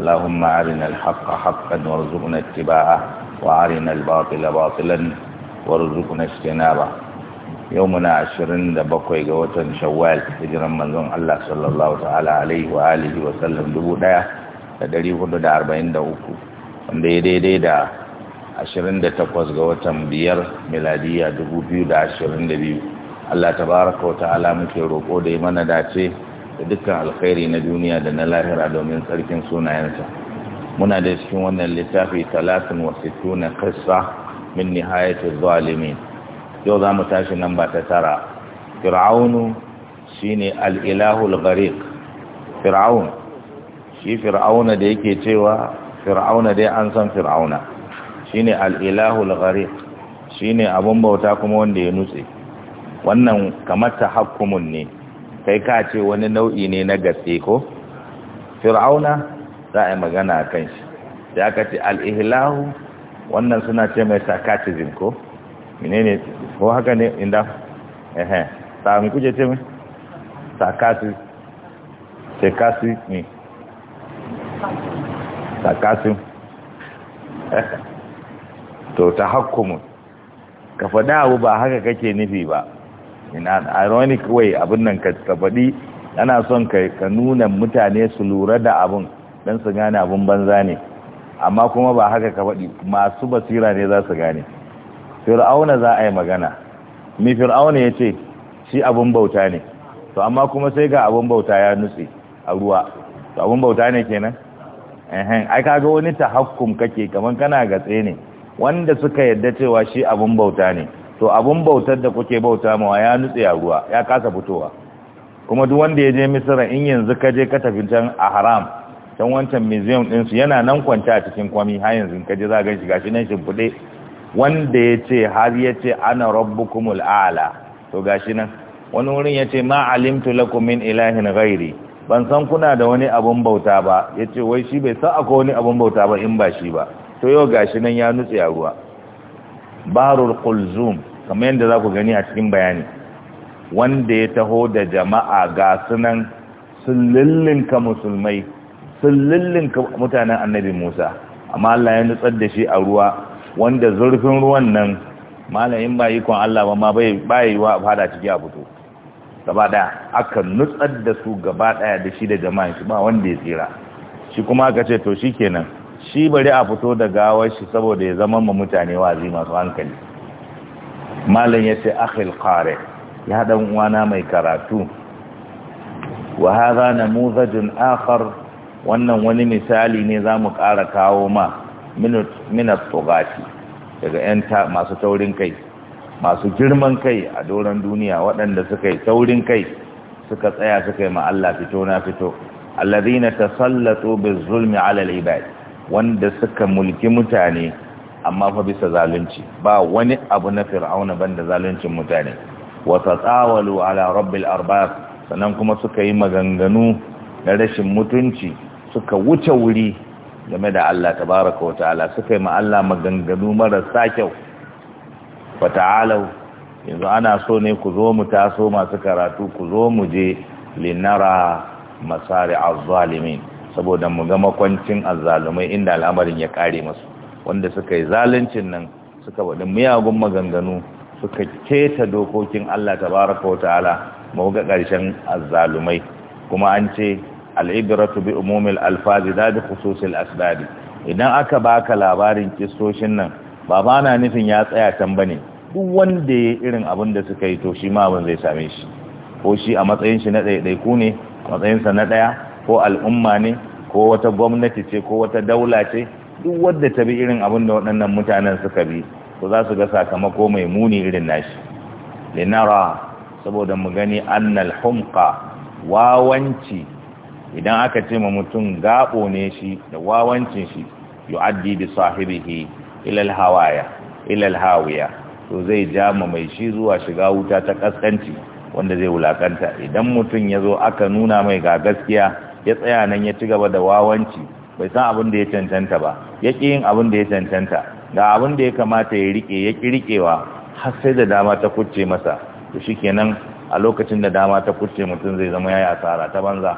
اللهم أرنا الحق حقا وارزقنا اتباعه وأرنا الباطل باطلا وارزقنا اجتنابه يومنا عشرين دبقوا يقوة شوال هجرا منزون الله صلى الله تعالى عليه وآله وسلم دبو دايا تدري هدو دا أربعين دا أكو وندي دي دي دا عشرين دا تقوز قوة بيار ميلادية دبو بيو دا عشرين دا بيو Allah tabaraka wa ta'ala muke roƙo da yi mana dace da dukkan alkhairi na duniya da na lahira domin tsarkin sunayensa muna da cikin wannan littafi talatin wa sittuna qissa min nihayati zalimin yau zamu tashi nan ba ta tara fir'aunu shi ne ilahul ghariq fir'aun shi fir'auna da yake cewa fir'auna dai an san fir'auna ne al-ilahul Shi ne abin bauta kuma wanda ya nutse wannan kamar ta hakkumun ne kai ka ce wani nau'i ne na gaske ko fir'auna za a yi magana a kan shi sai aka ce al'ihilahu wannan suna ce mai sarcasm ko menene ko haka ne inda ehe sami kuje ce mai sarcasm sarcasm ne sarcasm to ta hakkumun ka faɗa abu ba haka kake nufi ba in an ironic way abin nan ka faɗi ana son ka nuna mutane su lura da abin don su gane abin banza ne amma kuma ba haka ka faɗi masu basira ne za su gane fir'auna za a yi magana mai fir'auna ya ce shi abin bauta ne to amma kuma sai ga abin bauta ya nutse a ruwa to abin bauta ne kenan ehen ai kaga wani tahakkum kake kaman kana gatse ne wanda suka yadda cewa shi abin bauta ne to abun bautar da kuke bauta mawa ya nutse a ruwa ya kasa fitowa kuma duk wanda ya je misira in yanzu ka je ka tafi can a haram can wancan museum su yana nan kwanta a cikin kwami har yanzu ka je za ga shi gashi nan shimfiɗe wanda ya ce har ya ce ana rabbukumul a'la to gashi nan wani wurin ya ce ma alimtu lakum min ilahin ghairi ban san kuna da wani abun bauta ba ya ce wai shi bai san akwai wani abun bauta ba in ba shi ba to yau gashi nan ya nutse a ruwa barul kulzum kamar yadda za ku gani a cikin bayani wanda ya taho da jama'a ga sunan sun musulmai sun mutanen annabi musa amma allah ya nutsar da shi a ruwa wanda zurfin ruwan nan malayin ba kwan allah ba ma bai yi wa fada ciki a fito gaba daya aka nutsar da su gaba daya da shi da jama'a shi ba wanda ya tsira shi kuma aka ce to shi kenan shi bari a fito da gawar shi saboda ya zama ma mutane wazi masu hankali malam ya ce akhil qari ya dan uwana mai karatu wa hadha namuzajun akhar wannan wani misali ne zamu ƙara kawo ma minat tugati daga yan masu taurin kai masu girman kai a doron duniya waɗanda suka yi taurin kai suka tsaya suka yi ma Allah fito na fito alladhina tasallatu bizulmi ala al-ibad wanda suka mulki mutane amma fa bisa zalunci ba wani abu na fir'auna banda zaluncin mutane wa tsawalu ala rabbil arbab sannan kuma suka yi maganganu na rashin mutunci suka wuce wuri game da Allah tabaraka wa ta'ala suka yi ma Allah maganganu marasa kyau fa ta'alau yanzu ana so ne ku zo mu taso masu karatu ku zo mu je linara masari az-zalimin saboda mu ga makwancin azzalumai inda al'amarin ya kare masu wanda suka yi zaluncin nan suka bada miyagun maganganu suka keta dokokin Allah tabaraka wa ta'ala mu ga karshen azzalumai kuma an ce al'ibratu bi umumil alfazi da bi khususil asbab idan aka baka labarin kissoshin nan ba ba na nufin ya tsaya can bane duk wanda ya irin abin da suka yi to shi ma abin zai same shi ko shi a matsayin shi na ɗaiɗaiku ne matsayinsa na ɗaya ko al'umma ne ko wata gwamnati ce ko wata daula ce duk wadda ta bi irin abin da waɗannan mutanen suka bi to za su ga sakamako mai muni irin nashi linara saboda mu gani annal humqa wawanci idan aka ce ma mutum gabo ne shi da wawancin shi yu'addi bi sahibihi ila al-hawaya ila al-hawiya to zai ja ma mai shi zuwa shiga wuta ta kaskanci wanda zai wulakanta idan mutum ya zo aka nuna mai ga gaskiya ya tsaya nan ya ci gaba da wawanci bai san abin da ya cancanta ba ya ƙi yin abin da ya cancanta ga abin da ya kamata ya riƙe ya ƙi riƙewa har sai da dama ta kuce masa to kenan a lokacin da dama ta kuce mutum zai zama yayi asara ta banza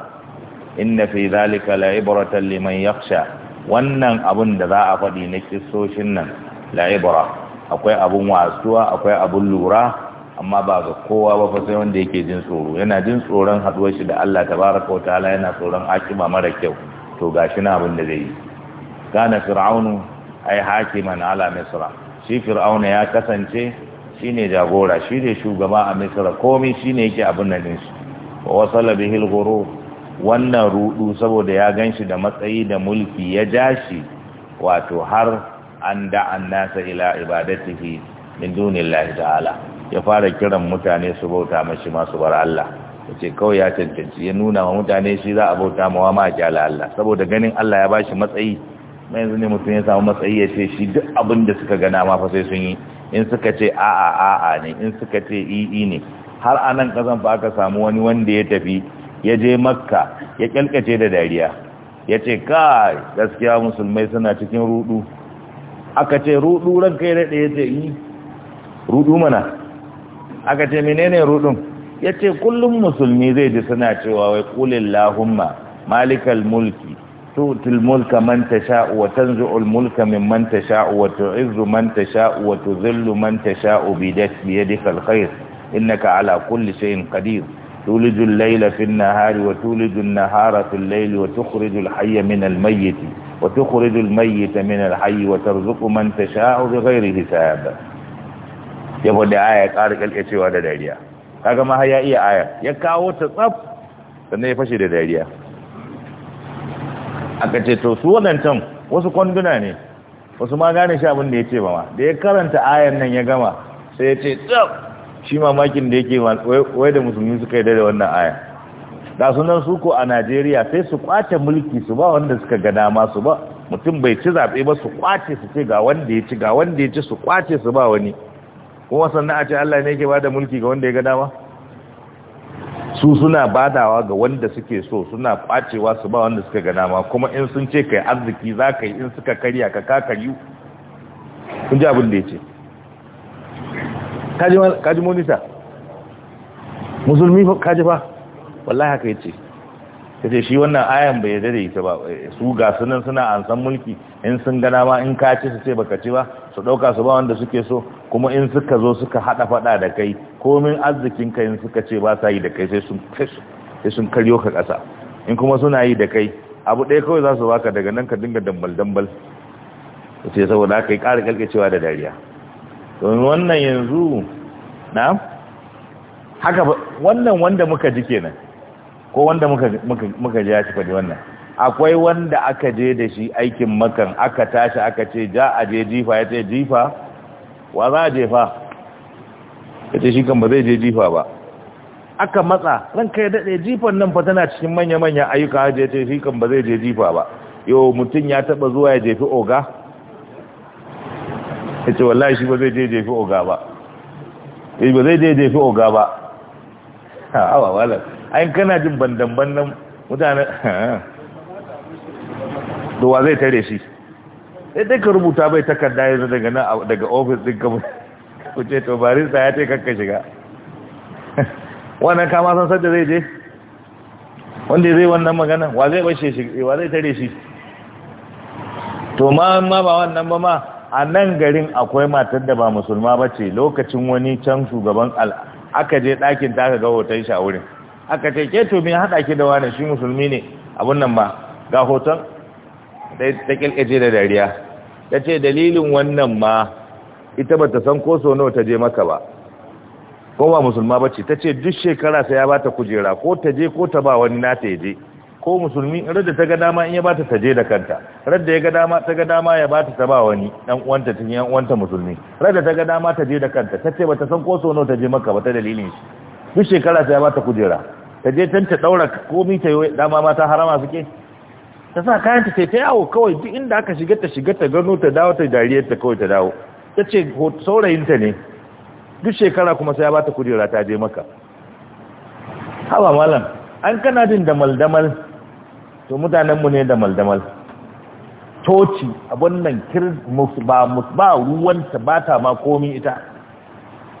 inna fi zalika la'ibratan liman yakhsha wannan abin da za a faɗi na kissoshin nan la'ibra akwai abun wasuwa akwai abun lura amma ba ga kowa ba fa sai wanda yake jin tsoro yana jin tsoron haduwar shi da Allah tabaraka wa ta'ala yana tsoron hakima mara kyau to gashi na abin da zai yi kana fir'aunu ai hakiman ala misra shi fir'auna ya kasance shine jagora shi ne shugaba a misra komai shine yake abin nan din shi wa wasala bihi al wannan rudu saboda ya ganshi da matsayi da mulki ya jashi wato har an da'a an-nasa ila ibadatihi min dunillahi ta'ala ya fara kiran mutane su bauta mashi masu bar Allah yace kawai ya cancanci ya nuna wa mutane shi za a bauta ma wa ma jala Allah saboda ganin Allah ya shi matsayi mai yanzu ne mutum ya samu matsayi ya ce shi duk abin da suka gana ma fa sai sun yi in suka ce a'a a'a ne in suka ce i ne har a nan kasan fa aka samu wani wanda ya tafi ya je makka ya kyalkace da dariya ya ce kai gaskiya musulmai suna cikin rudu aka ce rudu ranka ya daɗe ya ce yi rudu mana aka ce menene rudun yace kullum musulmi zai ji suna cewa wai kulin lahumma malikal mulki tutul mulka man tasha'u wa tanzu'ul mulka mimman tasha'u wa tu'izzu man tasha'u wa tuzillu man tasha'u bi yadikal khair innaka ala kulli shay'in qadir تولج الليل في النهار وتولج النهار في الليل وتخرج الحي من الميت وتخرج الميت من الحي وترزق من تشاء بغير حساب ya bude aya ya kalke cewa da dariya kaga ma har ya iya aya ya kawo ta tsaf sannan ya fashe da dariya aka ce to su wadancan wasu kwanduna ne wasu ma gane shi abin da ya ce ba ma da ya karanta ayan nan ya gama sai ya ce tsaf shi mamakin da yake wai da musulmi suka yi da wannan aya da sunan su ko a Najeriya sai su kwace mulki su ba wanda suka ga dama su ba mutum bai ci zaɓe ba su kwace su ce ga wanda ya ci ga wanda ya ci su kwace su ba wani kuma sannan a ce Allah ne yake bada mulki ga wanda ya ga dama su suna badawa ga wanda suke so suna kwacewa su ba wanda suka ga dama kuma in sun ce kai arziki za ka yi in suka karya ka karyu. kun ji abin da ya ce kaji monita musulmi kaji fa wallahi haka ya ce ta ce shi wannan ayan bai yadda da ita ba su ga sunan suna an san mulki in sun gana ma in ka ci su ce baka ci ba su ɗauka su ba wanda suke so kuma in suka zo suka haɗa faɗa da kai komin arzikin kai in suka ce ba sa yi da kai sai sun sai sun karyo ka ƙasa in kuma suna yi da kai abu ɗaya kawai za su baka daga nan ka dinga dambal dambal sai saboda haka yi ƙara cewa da dariya domin wannan yanzu na haka wannan wanda muka ji kenan ko wanda muka muka muka ji ya ci faɗi wannan akwai wanda aka je da shi aikin makan aka tashi aka ce ja a je jifa ya ce jifa wa za a jefa ya ce shi kan ba zai je jifa ba aka matsa ranka ya daɗe jifan nan fa tana cikin manya-manyan ayyuka ya ce shi kan ba zai je jifa ba yau mutum ya taɓa zuwa ya jefi oga ya ce wallahi shi ba zai je jefi oga ba ya ba zai je jefi oga ba ha awa wala ayin kana jin bandan-bandan mutane da wa zai tare shi sai dai ka rubuta bai takarda yanzu daga nan daga ofis din kamar ku ce to barista ya ce kakka shiga wannan kama san sadda zai je wanda zai wannan magana wa zai bashe shi wa zai tare shi to ma ma ba wannan ba ma a nan garin akwai matar da ba musulma ba ce lokacin wani can shugaban al aka je ɗakin ta aka ga hoton shi a wurin aka ce ke to me haɗa ki da wani shi musulmi ne abun nan ba ga hoton ta kilkace da dariya ta ce dalilin wannan ma ita ba ta san ko so nawa ta je maka ba ko ba musulma ba ce ta ce duk shekara sai ya ba ta kujera ko ta je ko ta ba wani na ta je ko musulmi radda ta ga dama in ya ba ta ta je da kanta radda ya ga dama ta ga dama ya ba ta ta ba wani dan uwanta tun yan uwanta musulmi radda ta ga dama ta je da kanta ta ce ba ta san ko so nawa ta je maka ba ta dalilin shi duk shekara sai ya ba ta kujera ta je tanta daura komai ta yi dama ta harama suke ta sa kayan ta ta yawo kawai duk inda aka shiga ta shiga ta gano ta dawo ta dariyar ta kawai ta dawo ta ce saurayinta ne duk shekara kuma sai ya ta kujera ta je maka hawa malam an kana jin damal-damal to mutanenmu ne damal-damal toci abin nan ba ba ruwanta ba ta ma komi ita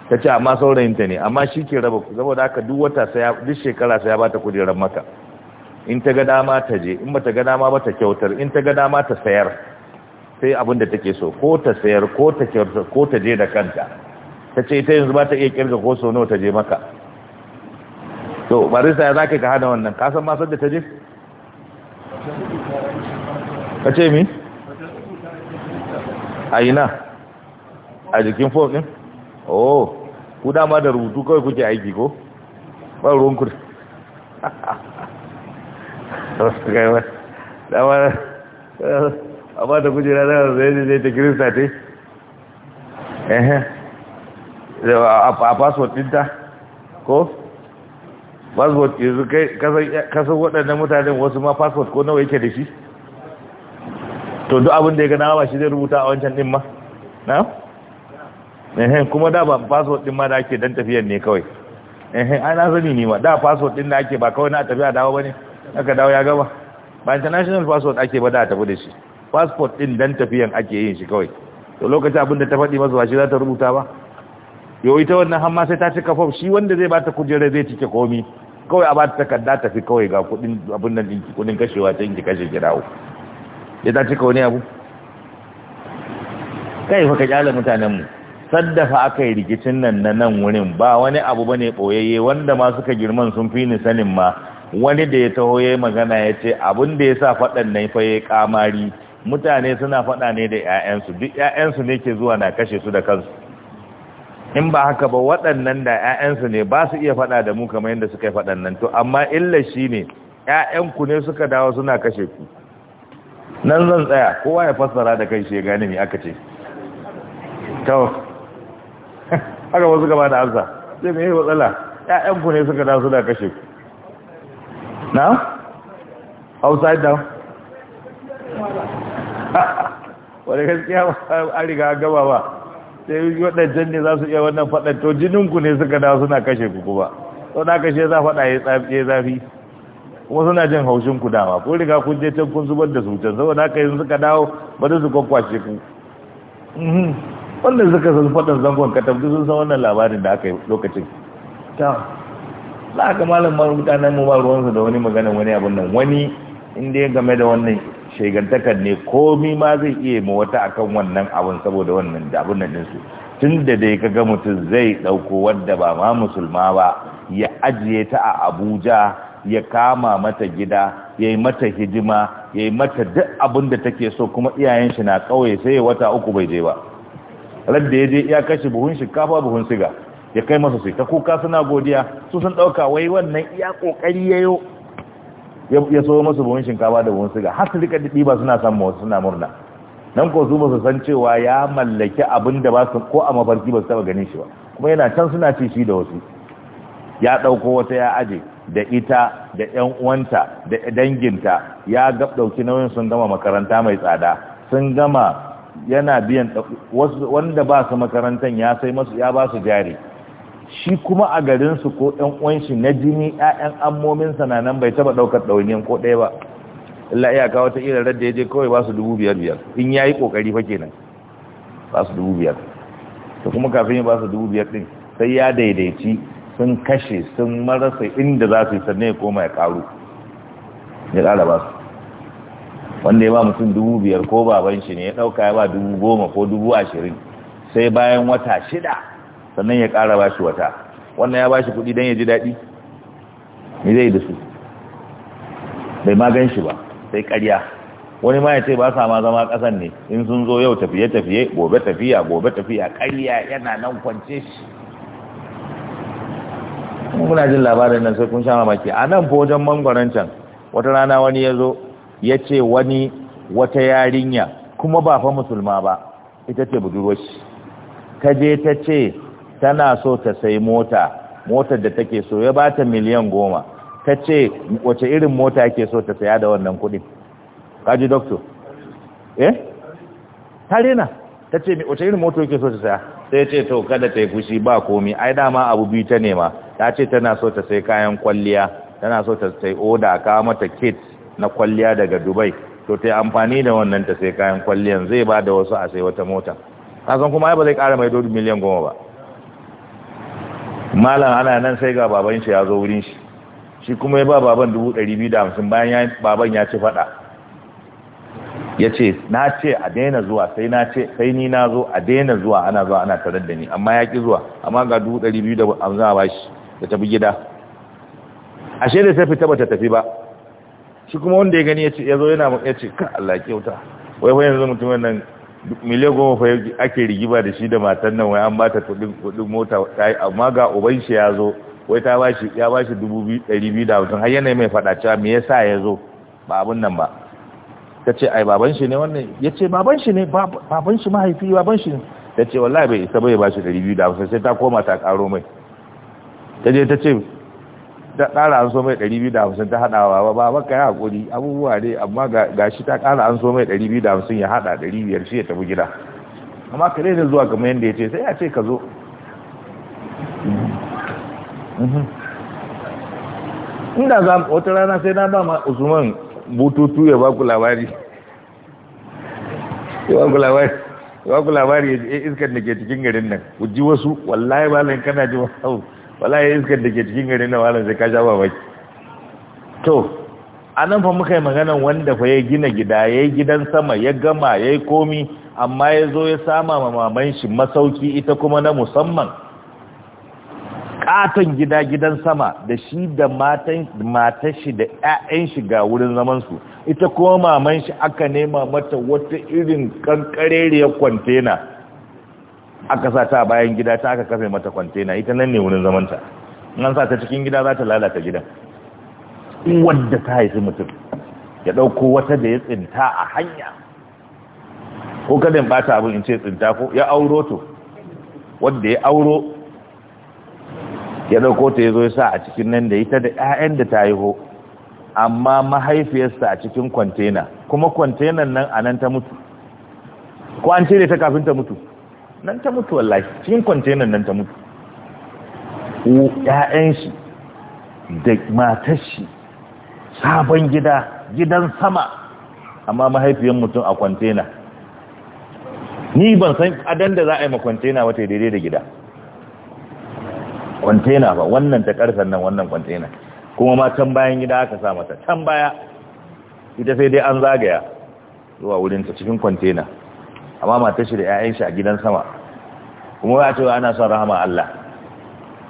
ta ce amma saurayinta ne amma shi ke raba saboda aka duk wata duk shekara sai ya ba ta kujerar maka in ta ga dama ta je in ba ta ga dama ba ta kyautar in ta ga dama ta sayar sai abin da take so ko ta sayar ko ta kyautar ko ta je da kanta ta ce ita yanzu ba ta iya kirga ko sono ta je maka to barista ya zaka ka hada wannan ka san masar da ta je ka ce mi a ina a jikin fom din oh ku dama da rubutu kawai kuke aiki ko ba ruwan kudu a ba ta kujera da zai ne zai ta kirista ta yi a passport dinta ko passport yanzu kasar waɗannan mutanen wasu ma passport ko nawa yake da shi to duk abin da ya gana ba shi zai rubuta a wancan ɗin ma na? kuma da ba passport din ma da ake don tafiyar ne kawai ana zani ne ma da passport din da ake ba kawai na tafiya dawa ba ne aka dawo ya gaba. ba international passport ake ba da tafi da shi passport din dan tafiyan ake yin shi kawai to lokacin abin da ta faɗi masa ba shi za ta rubuta ba yau ita wannan hamma sai ta cika fom shi wanda zai bata kujera zai cike komi kawai a bata takarda tafi kawai ga kudin abin nan dinki kudin kashewa ta yanki kashe gidawo ya ta cika wani abu kai fa ka kyale mutanen mu saddafa aka yi rikicin nan na nan wurin ba wani abu bane boyayye wanda ma suka girman sun fi ni sanin ma wani da ya taho ya yi magana ya ce abin da ya sa faɗan nan fa ya kamari mutane suna faɗa ne da 'ya'yansu duk 'ya'yansu ne ke zuwa na kashe su da kansu in ba haka ba waɗannan da 'ya'yansu ne ba su iya faɗa da mu kamar yadda suka yi faɗan nan to amma illa shi ne 'ya'yanku ne suka dawo suna kashe ku nan zan tsaya kowa ya fassara da kai shi ya gane aka ce to haka wasu gaba da amsa sai me yi matsala 'ya'yanku ne suka dawo suna kashe ku now outside now wadda gaskiya an riga gaba ba sai waɗancan ne za su iya wannan faɗa to jininku ne suka dawa suna kashe ku kuma sau na kashe za faɗa ya zafi kuma suna jin haushin ku dama ko riga kun je can kun zubar da su sau saboda haka yanzu suka dawo ba da su kwakwashe ku mhm. wannan suka sun faɗa zangon katabdu sun san wannan labarin da aka yi lokacin za ga malam ma mutanen mu ba ruwansa da wani magana wani abun nan wani inda ya game da wannan shegantakar ne komi ma zai iya mu wata akan wannan abun saboda wannan da abun nan dinsu tun da dai ka ga mutum zai ɗauko wadda ba ma musulma ba ya ajiye ta a abuja ya kama mata gida ya yi mata hidima ya yi mata duk abun da take so kuma iyayen shi na ƙauye sai wata uku bai je ba da ya je ya kashe buhun shinkafa buhun siga ya kai masa sai ta kuka suna godiya su sun ɗauka wai wannan iya kokari yayo ya so masu buhun shinkafa da buhun siga har su rika ba suna san wasu suna murna nan ko su ba su san cewa ya mallaki abin da ba su ko a mafarki ba su taba ganin shi ba kuma yana can suna ci shi da wasu ya ɗauko wata ya aje da ita da ƴan uwanta da danginta ya gab dauki nauyin sun gama makaranta mai tsada sun gama yana biyan wanda ba su makarantan ya sai masu ya ba su jari shi kuma a garinsu ko ɗan uwanshi na jini ƴaƴan ammominsa na bai taɓa ɗaukar ɗauniyan ko ɗaya ba illa iyaka wata irin radda ya je kawai ba su dubu biyar biyar in ya yi ƙoƙari fa kenan ba su dubu biyar to kuma kafin ya ba su dubu biyar ɗin sai ya daidaici sun kashe sun marasa inda za su yi sannan ya koma ya ƙaru ya ƙara ba su wanda ya ba mutum dubu biyar ko baban shi ne ya ɗauka ya ba dubu goma ko dubu ashirin sai bayan wata shida sannan ya ƙara ba shi wata wannan ya ba shi kuɗi don ya ji daɗi me zai da su bai ma gan shi ba sai ƙarya wani ma ya ce ba sa ma zama kasan ne in sun zo yau tafiye-tafiye gobe tafiya gobe tafiya ƙarya yana nan kwance shi muna jin labarin nan sai kun sha mamaki a nan fojan mangwaron can wata rana wani ya zo ya ce wani wata yarinya kuma ba fa musulma ba ita ce shi ta je ta ce tana so ta sai mota motar da take so ya bata miliyan goma ta ce wace irin mota ke so ta saya da wannan kudin kaji doctor eh tarina ta ce wace irin mota yake so ta saya sai ce to kada ta yi fushi ba komi ai dama abu biyu ta nema ta ce tana so ta sai kayan kwalliya tana so ta sai oda ka mata kit na kwalliya daga dubai to ta amfani da wannan ta sai kayan kwalliyan zai ba da wasu a sai wata mota kasan kuma ai ba zai kara mai dodo miliyan goma ba malam ana nan sai ga baban shi ya zo wurin shi shi kuma ya ba baban dubu ɗari biyu da hamsin bayan baban ya ci faɗa ya ce na ce a daina zuwa sai na ce sai ni na zo a daina zuwa ana zuwa ana tarar da ni amma ya ƙi zuwa amma ga dubu ɗari biyu da hamsin a bashi da tafi gida ashe da tafi fita ta tafi ba shi kuma wanda ya gani ya ce ya zo yana ya ce ka Allah kyauta wai wai yanzu mutum wannan miliyan goma fa ake rigima da shi da matan nan wai an bata kudin kudin mota amma ga uban shi ya zo wai ta bashi ya bashi 2250 har yana mai fada cewa me yasa ya zo ba abun nan ba tace ai baban shi ne wannan yace baban shi ne baban shi mahaifi baban shi ne tace wallahi bai isa bai bashi 2250 sai ta koma ta karo mai ta tace ta ƙara an so mai 250 ta haɗawa ba ba baka ya haƙuri abubuwa ne amma ga shi ta ƙara an so mai 250 ya haɗa 500 shi ya tafi gida amma ka daina zuwa kamar yadda ya ce sai ya ce ka zo mhm. inda za wata rana sai na ba ma usman bututu ya baku labari ya baku labari ya baku labari ya iskar da ke cikin garin nan ku ji wasu wallahi ba kana ji wasu Wala ya iskar da ke cikin gari na malam sai ka sha baki to a nan fa muka yi magana wanda fa ya gina gida ya yi gidan sama ya gama ya yi komi amma ya zo ya sama ma shi masauki ita kuma na musamman katon gida gidan sama da shi da matan shi da 'ya'yan shi ga wurin zaman su ita kuma maman shi aka nema mata wata irin ya kwantena aka sa ta bayan gida ta aka kafe mata kwantena ita nan ne wurin zamanta nan sa ta cikin gida za ta lalata gidan wadda ta haifi mutum ya ɗauko wata da ya tsinta a hanya ko kada in ta abin in ce tsinta ko ya auro to wadda ya auro ya ɗauko ta ya zo ya sa a cikin nan da ita da 'ya'yan da ta haiho amma mahaifiyarsa a cikin kwantena kuma kwantenan nan a nan ta mutu ko an cire ta kafin ta mutu nan ta mutu wallahi cikin kwantenan nan ta mutu ƴaƴan shi da matar shi sabon gida gidan sama amma mahaifiyan mutum a kwantena ni ban san adan da za a yi ma kwantena wata daidai da gida kwantena ba wannan ta karsan nan wannan kwantena kuma ma can bayan gida aka sa mata can baya ita sai dai an zagaya zuwa wurin ta cikin kwantena amma mata shi da 'ya'yan shi a gidan sama kuma ya ce ana son rahama Allah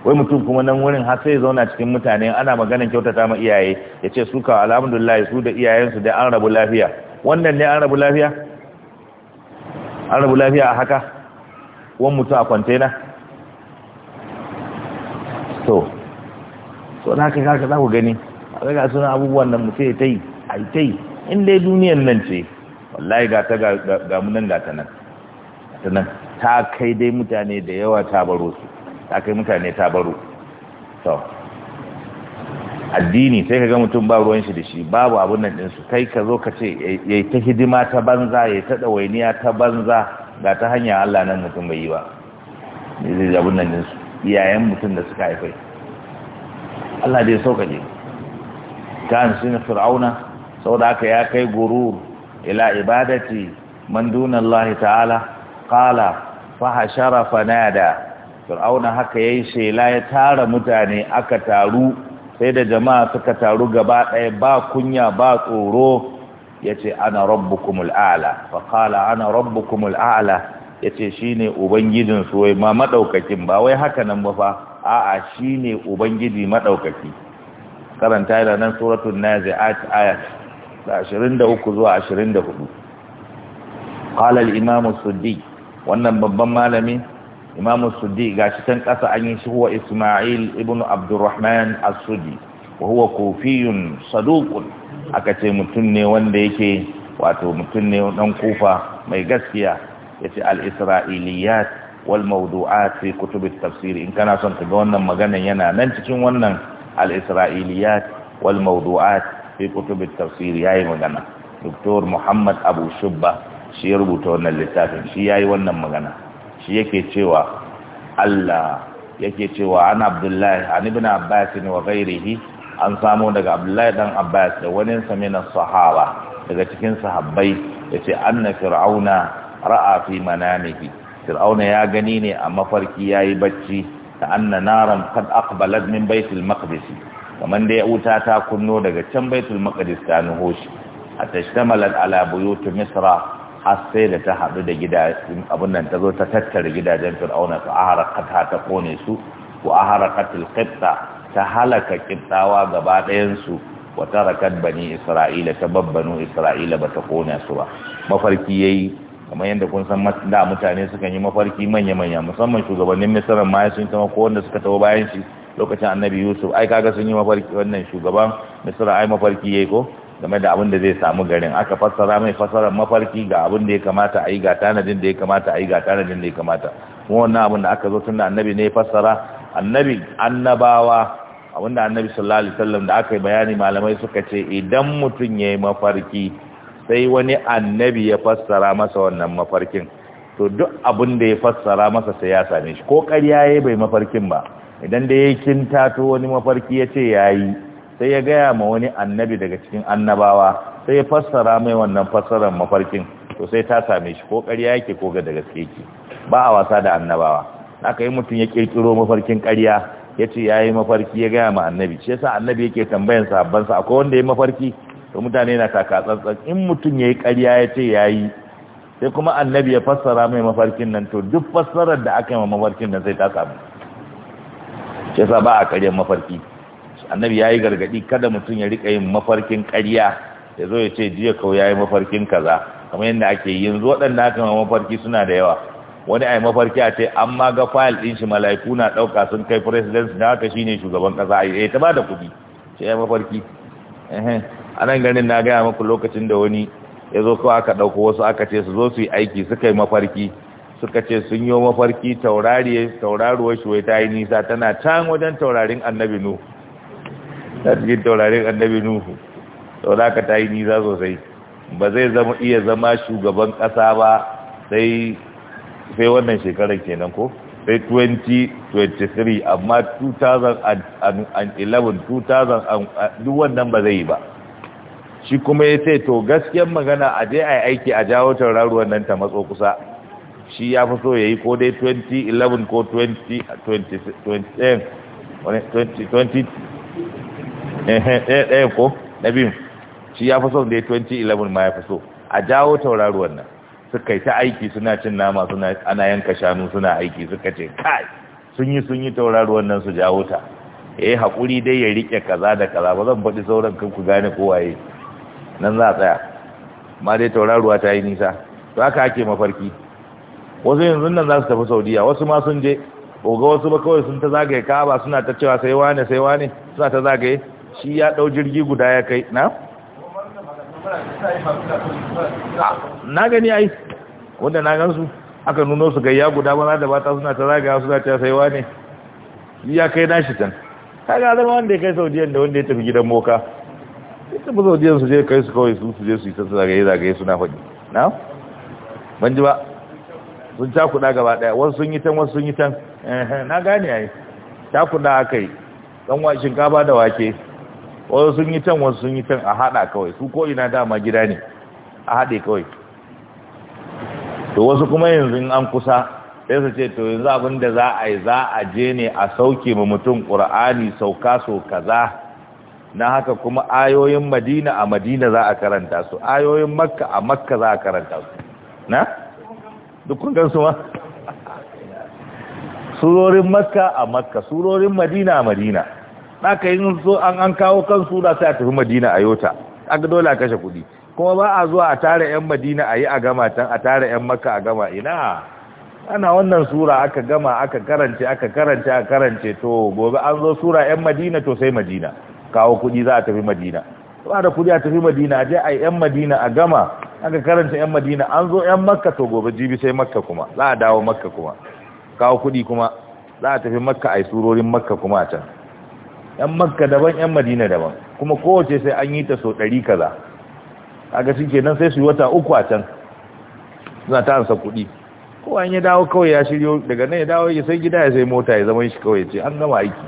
wai mutum kuma nan wurin har sai zauna cikin mutane ana maganar kyautata ma iyaye ya ce suka alhamdulillah su da iyayensu da an rabu lafiya wannan ne an rabu lafiya an rabu lafiya a haka wani mutum a kwantena to so na haka za ku gani a ga suna abubuwan nan mutum ya ta yi a ta yi in dai duniyan nan ce wallahi ga ta ga munan ga ta nan ta nan ta kai dai mutane da yawa ta baro su ta kai mutane ta baro to addini sai kaga mutum ba ruwan shi da shi babu abun nan ɗinsu kai ka zo ka ce yayi ta hidima ta banza yayi ta ɗawainiya ta banza ga ta hanya Allah nan mutum bai yi ba ne zai abun nan ɗinsu iyayen mutum da suka haifai Allah dai sauƙaƙe kan sun fir'auna saboda aka ya kai gurur ila ibadati man Allah ta'ala qala hashara fanada fir'auna haka yayi shela ya tara mutane aka taru sai da jama'a suka taru gaba ɗaya ba kunya ba tsoro yace ana rabbukumul a'la fa qala ana rabbukumul a'la yace shine ubangijin su wai ma madaukakin ba wai haka nan ba fa a'a shine ubangiji madaukaki karanta da nan suratul nazi'at ayat da 23 zuwa 24 qala al-imam as wannan babban malami imam as-suddi gashi tan kasa an yi shi huwa isma'il ibnu abdurrahman as-suddi wa huwa kufiyun saduqun aka ce mutum ne wanda yake wato mutum ne dan kufa mai gaskiya yace al-isra'iliyat wal mawdu'at fi kutub at-tafsir in kana son ka ga wannan maganan yana nan cikin wannan al-isra'iliyat wal mawdu'at fi kutubin tafsiri yayi magana doktor muhammad abu shubba shi ya rubuta wannan littafin shi yayi wannan magana shi yake cewa Allah yake cewa an abdullahi an ibn abbas wa ghairihi an samu daga abdullahi dan abbas da wani samina sahaba daga cikin sahabbai yace anna fir'auna ra'a fi manamihi fir'auna ya gani ne a mafarki yayi bacci ta anna naran qad aqbalat min baitil maqdis kamar da wuta ta kunno daga can baitul maqdis ta nuho shi atashamalat ala buyuti misra har sai da ta hadu da gidajen abun nan ta zo ta tattara gidajen fir'auna a aharaqat ta kone su wa aharaqat qibta ta halaka qibtawa gaba ɗayan su wa tarakat bani isra'ila ta babbanu isra'ila ba ta kone su ba mafarki yayi kamar yadda kun san da mutane sukan yi mafarki manya-manya musamman shugabannin misarar ma sun kama ko wanda suka tawo bayan shi lokacin annabi yusuf ai kaga sun yi mafarki wannan shugaban misira ai mafarki yayi ko game da abin da zai samu garin aka fassara mai fassarar mafarki ga abin da ya kamata a yi ga tanadin da ya kamata a yi ga tanadin da ya kamata kuma wannan abin da aka zo tun da annabi ne ya fassara annabi annabawa abin da annabi sallallahu alaihi wasallam da aka yi bayani malamai suka ce idan mutum ya yi mafarki sai wani annabi ya fassara masa wannan mafarkin to duk abin da ya fassara masa sai ya same shi ko ƙarya ya bai mafarkin ba idan da ya tato wani mafarki ya ce ya yi sai ya gaya ma wani annabi daga cikin annabawa sai ya fassara mai wannan fassarar mafarkin to sai ta same shi ko karya yake ko ga daga gaske ki ba a wasa da annabawa aka yi mutum ya kirkiro mafarkin karya ya ce ya yi mafarki ya gaya ma annabi shi yasa annabi yake tambayan sabansa akwai wanda ya yi mafarki to mutane na taka tsantsan in mutum ya yi ƙarya ya ce ya yi sai kuma annabi ya fassara mai mafarkin nan to duk fassarar da aka yi ma mafarkin nan sai ta samu shi yasa ba a ƙaryar mafarki annabi ya yi gargaɗi kada mutum ya riƙa yin mafarkin ƙarya ya zo ya ce jiya kawai ya yi mafarkin kaza kamar yadda ake yi yanzu waɗanda aka ma mafarki suna da yawa wani a yi mafarki a ce an ma ga fayil ɗin shi mala'iku na ɗauka sun kai firesidensi na haka shine shugaban ƙasa a yi eh, ta ba da kuɗi ce ya mafarki a nan ganin na gaya maku lokacin da wani ya zo kawai aka ɗauko wasu aka ce su zo su yi aiki suka yi mafarki suka ce sun yi mafarki taurari tauraruwar shi ta yi nisa tana can wajen taurarin annabi nuhu ta cikin taurarin annabi nuhu tauraka ta yi nisa sosai ba zai zama iya zama shugaban kasa ba sai sai wannan shekarar kenan ko sai 2023 amma 2011 um, uh, duk wannan ba zai yi ba shi kuma ya ce to gaskiyar magana a je a yi aiki a jawo tauraruwan nan ta matso kusa shi ya fi so ya yi ko dai 2011 ko 2010 eh, eh, eh, ko na biyu shi ya fi so dai 2011 ma ya fi so a jawo tauraruwan nan suka yi ta aiki suna cin nama suna ana yanka shanu suna aiki suka ce kai sun yi sun yi tauraruwan nan su jawo ta eh haƙuri dai ya riƙe kaza da kaza ba zan faɗi sauran kan ku gane ko waye nan za a tsaya ma dai tauraruwa ta yi nisa to haka ake mafarki wasu yanzu nan za su tafi saudiya wasu ma sun je ga wasu ba kawai sun ta zagaye kaba suna ta cewa sai wane sai wane suna ta zagaye shi ya ɗau jirgi guda ya kai na? na gani ai wanda na gansu aka nuno su gayya guda ba da bata suna ta zagaya suna cewa sai wane shi ya kai nashi can ga zama wanda ya kai saudiyan da wanda ya tafi gidan moka Ita ba saudiyan su je kai su kawai su su je su yi ta zagaye zagaye suna faɗi na? ban ji ba sun cakuda gaba daya wasu sun yi tan wasu sun yi tan na gane ai cakuda aka yi don wa shinkafa da wake wasu sun yi tan wasu sun yi tan a hada kawai su ko ina dama gida ne a hade kawai to wasu kuma yanzu an kusa sai su ce to yanzu abin da za a yi za a je ne a sauke ma mutum ƙur'ani sauka so kaza na haka kuma ayoyin madina a madina za a karanta su ayoyin makka a makka za a karanta su na duk kun gansu ba surorin makka a makka surorin madina a madina ɗaka yin so an an kawo kan sura sai a tafi madina a yota ga dole a kashe kuɗi kuma ba a zuwa a tara 'yan madina a yi a gama can a tara 'yan makka a gama ina ana wannan sura aka gama aka karance aka karance aka karance to gobe an zo sura 'yan madina to sai madina kawo kuɗi za a tafi madina ba da kudi a tafi madina a je a yan madina a gama aka karanta yan madina an zo yan makka to gobe jibi sai makka kuma za a dawo makka kuma kawo kudi kuma za a tafi makka a yi surorin makka kuma a can yan makka daban yan madina daban kuma kowace sai an yi ta so ɗari kaza ga shi nan sai su yi wata uku a can suna ta ansa kuɗi ko an ya dawo kawai ya shiryo daga nan ya dawo ya sai gida ya sai mota ya zama shi kawai ce an gama aiki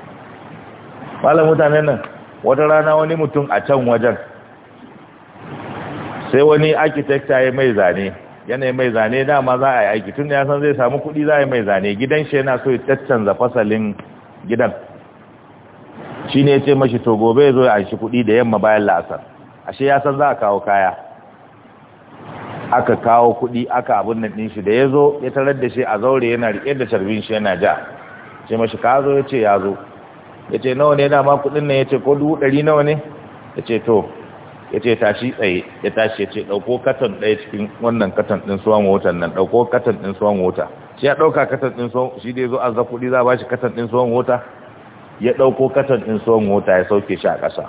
malam mutanen nan wata rana wani mutum a can wajen sai wani arkitekta ya mai zane yanayi mai zane dama za a yi aiki tun da ya san zai samu kuɗi za a yi mai zane gidan shi yana so ya tattanza fasalin gidan shi ne ce mashi to gobe ya zo ya shi kuɗi da yamma bayan la'asar ashe ya san za a kawo kaya aka kawo kuɗi aka abin nan din shi da ya zo ya tarar da shi a zaure yana riƙe da carbin shi yana ja ce mashi ka zo ya ce ya zo ya ce nawa ne dama kudin nan ya ce ko dubu ɗari nawa ne ya ce to ya ce tashi tsaye ya tashi ya ce ɗauko katon ɗaya cikin wannan katon ɗin suwan watan nan ɗauko katon ɗin suwan wata shi ya ɗauka katon ɗin suwan shi dai zo a za kuɗi za ba shi katon ɗin suwan wata ya ɗauko katon ɗin suwan wata ya sauke shi a ƙasa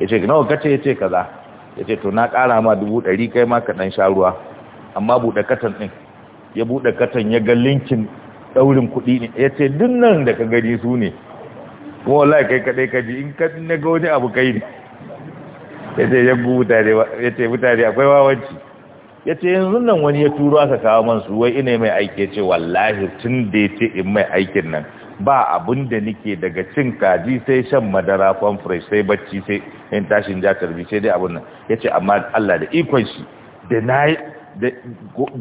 ya ce nawa kace ya ce kaza ya ce to na ƙara ma dubu ɗari kai ma ka ɗan sha ruwa amma buɗe katon ɗin ya buɗe katon ya ga linkin ɗaurin kuɗi ne ya ce duk nan da ka gani su ne kuma wallahi kai kadai ka ji in ka na ga wani abu kai ne ya ce ya mutane ya ce mutane akwai wawanci ya ce yanzu nan wani ya turo aka kawo man su wai ina mai aiki ya ce wallahi tun da ya ce in mai aikin nan ba abun da nike daga cin kaji sai shan madara fresh sai bacci sai yin tashin ja karbi sai dai abun nan ya ce amma Allah da ikon shi da na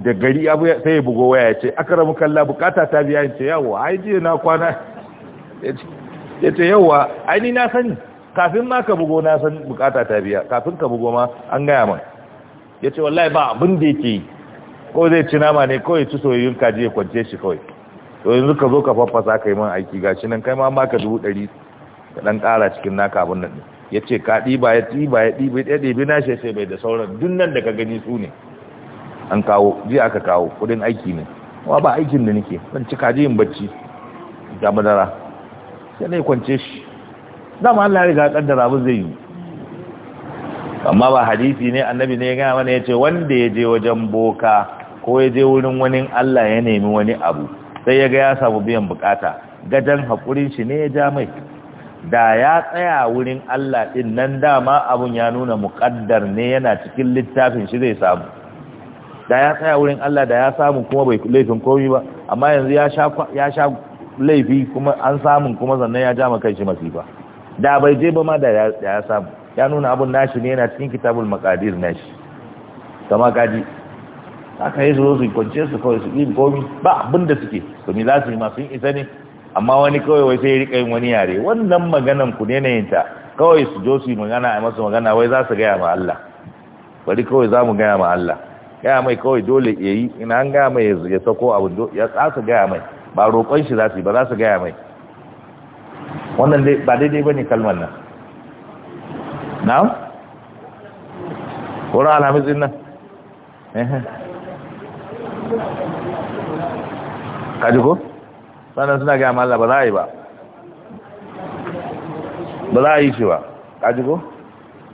da gari abu sai ya bugo waya ya ce aka ramu kalla bukata ta biya ya ce yawo haiji jiya na kwana ya ce ya ce yauwa aini na sani kafin ma ka bugo na san bukata ta biya kafin ka bugo ma an gaya man ya ce wallahi ba abin da yake yi ko zai ci nama ne kawai ci soyayyun kaji ya kwance shi kawai to yanzu ka zo ka faffasa ka yi man aiki gashi nan kai ma maka dubu ɗari ka ɗan ƙara cikin naka abin nan ya ce ka ɗiba ya ɗiba ya ɗiba ya ɗiba na shi sai bai da sauran duk nan da ka gani su ne an kawo ji aka kawo kuɗin aiki ne wa ba aikin da nake ban ci kaji yin bacci ga madara sai ne kwance shi dama Allah ya riga kaddara abu zai yi amma ba hadisi ne annabi ne ya gaya mana ya ce wanda ya je wajen boka ko ya je wurin wani Allah ya nemi wani abu sai ya ga ya samu biyan bukata gajan hakurin shi ne ya ja mai da ya tsaya wurin Allah ɗin nan dama abun ya nuna muƙaddar ne yana cikin littafin shi zai samu da ya tsaya wurin Allah da ya samu kuma bai laifin komai ba amma yanzu ya sha laifi kuma an samun kuma sannan ya ja kai shi masifa da bai je ba ma da ya samu ya nuna abun nashi ne yana cikin kitabul maqadir nashi kama gaji aka yi su su kwance su kawai su ɗin komi ba abin da suke su mi za su yi masu isa ne amma wani kawai wai sai riƙayin rika yin wani yare wannan maganan ku ne yin ta kawai su jo su yi magana a masu magana wai za su gaya ma Allah bari kawai za mu gaya ma Allah gaya mai kawai dole ya yi ina an gaya mai ya sako abin ya tsasa gaya mai ba roƙon shi za su yi ba za su gaya mai wannan ba daidai ba ne kalmar nan na'am wurin alhamis din nan kaji ko sannan suna gaya mallar ba za a yi ba ba za a yi shi ba kaji ko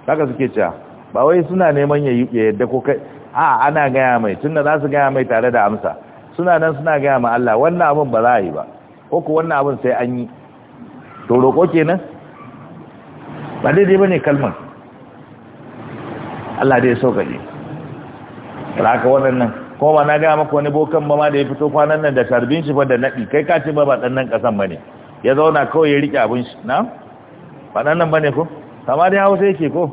haka suke cewa ba wai suna neman ya yi yadda ko kai a ana gaya mai tun da za su gaya mai tare da amsa suna nan suna gaya ma Allah wannan abin ba za a yi ba ko ku wannan abin sai an yi to roƙo kenan ba daidai ba ne kalmar Allah dai sauƙaƙe raka waɗannan kuma ba na gaya maka wani bokan ba ma da ya fito kwanan nan da tarbin shi ba da naɗi kai ka ce ba ba ɗannan ƙasan ba ne ya zauna kawai ya riƙe abin shi na ba ɗannan ba ne ko sama dai hausa yake ko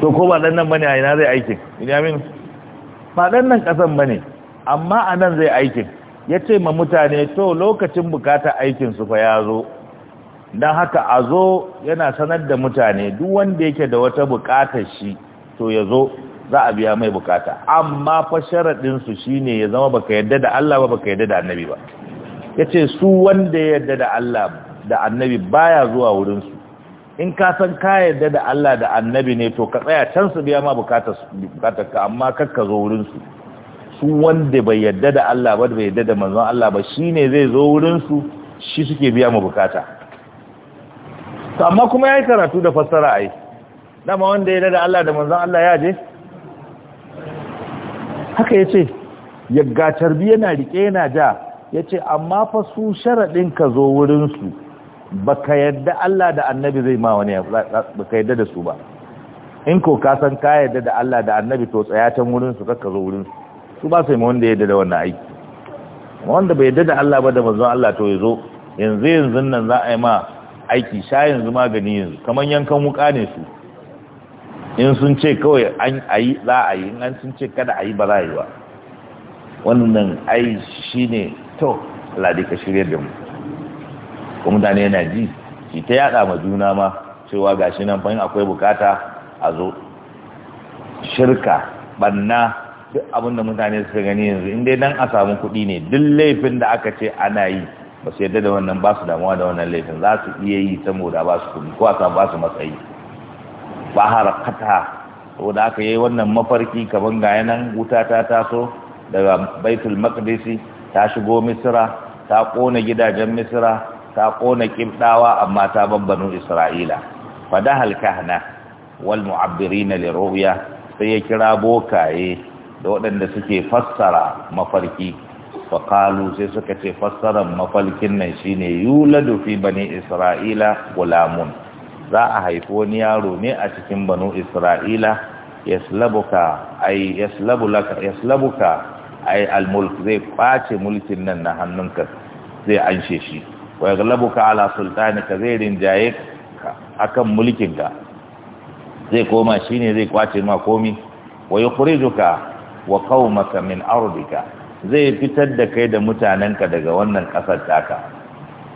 to ko ba ɗannan ba ne a ina zai aikin ina minu ba dan nan ba bane amma a nan zai aikin ya ce ma mutane to lokacin bukata aikin su fa ya zo don haka a zo yana sanar da mutane duk wanda yake da wata bukatar shi to ya zo za a biya mai bukata amma fa sharaɗinsu shi shine ya zama baka yadda da Allah ba baka yadda da annabi ba Ya ce su wanda ya yadda da Allah da annabi baya zuwa wurinsu. in ka san ka yarda da Allah da annabi ne to ka tsaya can su biya ma bukatar ka amma kar ka zo wurin su su wanda bai yarda da Allah ba bai yarda da manzon Allah ba shine zai zo wurin su shi suke biya mu bukata to amma kuma yayi karatu da fassara ai dama wanda ya yarda da Allah da manzon Allah ya je haka yace yagga tarbiya na rike yana ja yace amma fa su sharadin ka zo wurin su baka yadda Allah da annabi zai ma wani baka yadda da su ba in ko ka san ka yadda da Allah da annabi to tsaya can wurin su kakka zo wurin su ba sai wanda ya yadda da wannan aiki wanda bai yadda da Allah ba da manzon Allah to yazo yanzu yanzu nan za a yi ma aiki sha yanzu magani yanzu kamar yankan wuka ne su in sun ce kawai an ayi za a yi in an sun ce kada a yi ba za a yi ba wannan ai shine to Allah dai ka shirye da mu ko mutane na ji shi ta yada ma juna ma cewa gashi nan fahim akwai bukata a zo shirka banna duk abin da mutane suka gani yanzu in dai dan a samu kuɗi ne duk laifin da aka ce ana yi ba su yadda da wannan ba su damuwa da wannan laifin za su iya yi saboda ba su kuɗi ko a ba su matsayi ba harakata saboda aka yi wannan mafarki kaman ga yanan wuta ta taso daga baitul maqdisi ta shigo misira ta kona gidajen misira ta kona kibdawa amma ta babbanu isra'ila fada halkahna wal mu'abbirina li sai ya kira bokaye da waɗanda suke fassara mafarki fa qalu sai suka ce fassaran mafarkin nan shine yuladu fi bani isra'ila gulamun za a haifi wani yaro ne a cikin banu isra'ila yaslabuka ay yaslabu laka yaslabuka almulk zai kwace mulkin nan na hannunka zai anshe shi wa ka ala sultanika zai rinjaye akan mulkinka zai koma shine zai kwace ma komi wa yukhrijuka wa qaumaka min ardika zai fitar da kai da mutanenka daga wannan kasar taka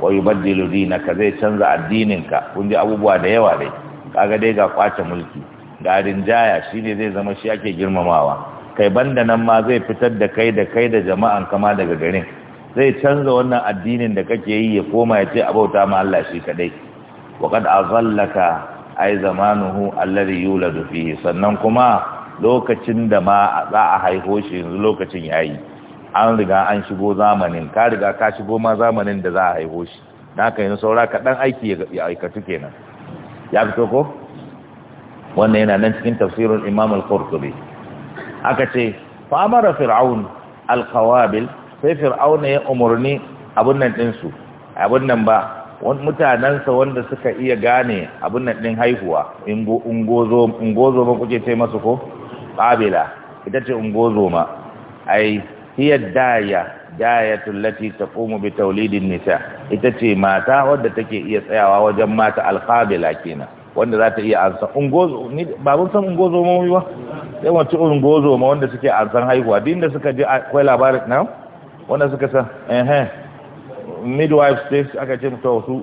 wa yubaddilu dinaka zai canza addininka kun ji abubuwa da yawa dai kaga dai ga kwace mulki ga rinjaya shine zai zama shi ake girmamawa kai banda nan ma zai fitar da kai da kai da jama'an kama daga garin zai canza wannan addinin da kake yi ya koma ya ce abauta ma Allah shi kadai wa qad azallaka ay zamanuhu alladhi yuladu fihi sannan kuma lokacin da ma za a haiho shi yanzu lokacin yayi an riga an shigo zamanin ka riga ka shigo ma zamanin da za a haiho shi naka saura kaɗan aiki ya aikatu kenan ya fito ko wannan yana nan cikin tafsirin imam al-qurtubi aka ce fa amara fir'aun al-qawabil sai fir'auna ya umarni abun nan ɗinsu abun nan ba mutanensa wanda suka iya gane abun nan ɗin haihuwa ungozo ba kuke ce masu ko ƙabila ita ce ungozo ma ai hiya daya daya tullati ta komu bi taulidin nisa ita ce mata wadda take iya tsayawa wajen mata alfabila kenan wanda za ta iya ansa ungozo ni ba mun san ungozo ma ba sai wacce ungozo ma wanda suke ansan haihuwa din da suka ji akwai labarin nan? wanda suka sa ehem midwife states aka ce to su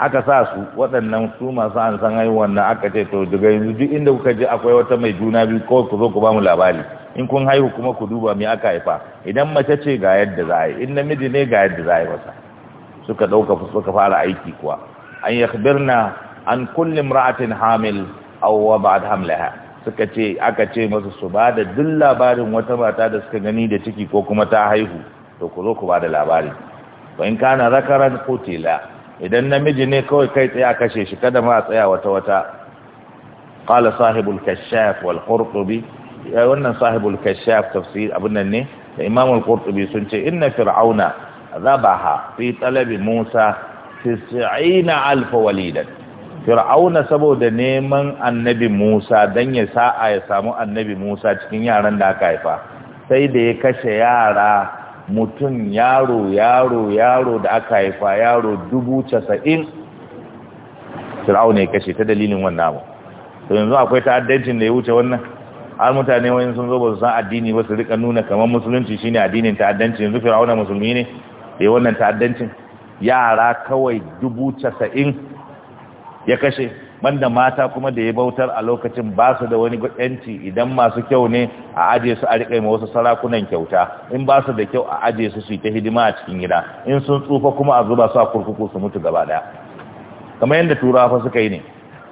aka sa su waɗannan su masu an san ai na aka ce to daga yanzu duk inda kuka je akwai wata mai juna biyu ko ku zo ku ba mu labari in kun haihu kuma ku duba me aka haifa idan mace ce ga yadda za a yi in namiji ne ga yadda za a yi masa suka ɗauka suka fara aiki kuwa an yakhbirna an kulli imra'atin hamil aw wada'at hamlaha suka ce aka ce masu su ba da duk labarin wata mata da suka gani da ciki ko kuma ta haihu to ku zo ku ba da labari wa in kana zakaran idan namiji ne kawai kai tsaya kashe shi kada ma tsaya wata wata qala sahibul kashaf wal qurtubi wannan sahibul kashaf tafsir abun nan ne da imam al-qurtubi sun ce inna fir'auna zabaha fi talabi musa 90000 walidan fir'auna saboda neman annabi musa dan ya sa'a ya samu annabi musa cikin yaran da aka haifa sai da ya kashe yara mutum yaro yaro yaro da aka haifa yaro dubu casa'in fir'au ne kashe ta dalilin wannan abu to yanzu akwai ta'addancin da ya wuce wannan har mutane wani sun zo ba su san addini ba su rika nuna kamar musulunci shine addinin ta'addanci yanzu fir'auna musulmi ne da ya wannan ta'addancin yara kawai dubu casa'in ya kashe banda mata kuma da ya bautar a lokacin ba su da wani yanci idan masu kyau ne a aje su a riƙe ma wasu sarakunan kyauta in ba su da kyau a aje su su yi ta hidima a cikin gida in sun tsufa kuma a zuba su a kurkuku su mutu gaba ɗaya kamar yadda turawa suka yi ne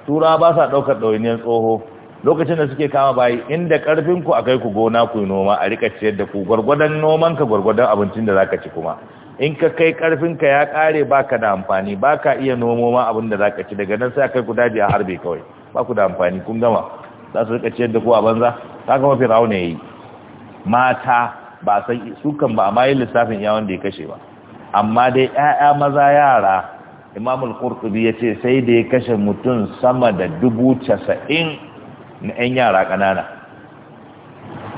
turawa ba sa ɗaukar ɗawainiyar tsoho lokacin da suke kama bayi inda ku a kai ku gona ku yi noma a riƙa ciyar da ku gwargwadon nomanka gwargwadon abincin da za ka ci kuma in ka kai karfinka ya kare baka da amfani baka iya nomo ma abin da zaka ci daga nan sai kai ku daji a harbe kawai ba ku da amfani kun gama za su rika ciyar da ku a banza ta kama fir'auna yayi mata ba san su kan ba amma yin lissafin yawon da ya kashe ba amma dai ƴaƴa maza yara imamul ya ce sai da ya kashe mutum sama da dubu casa'in na ƴan yara ƙanana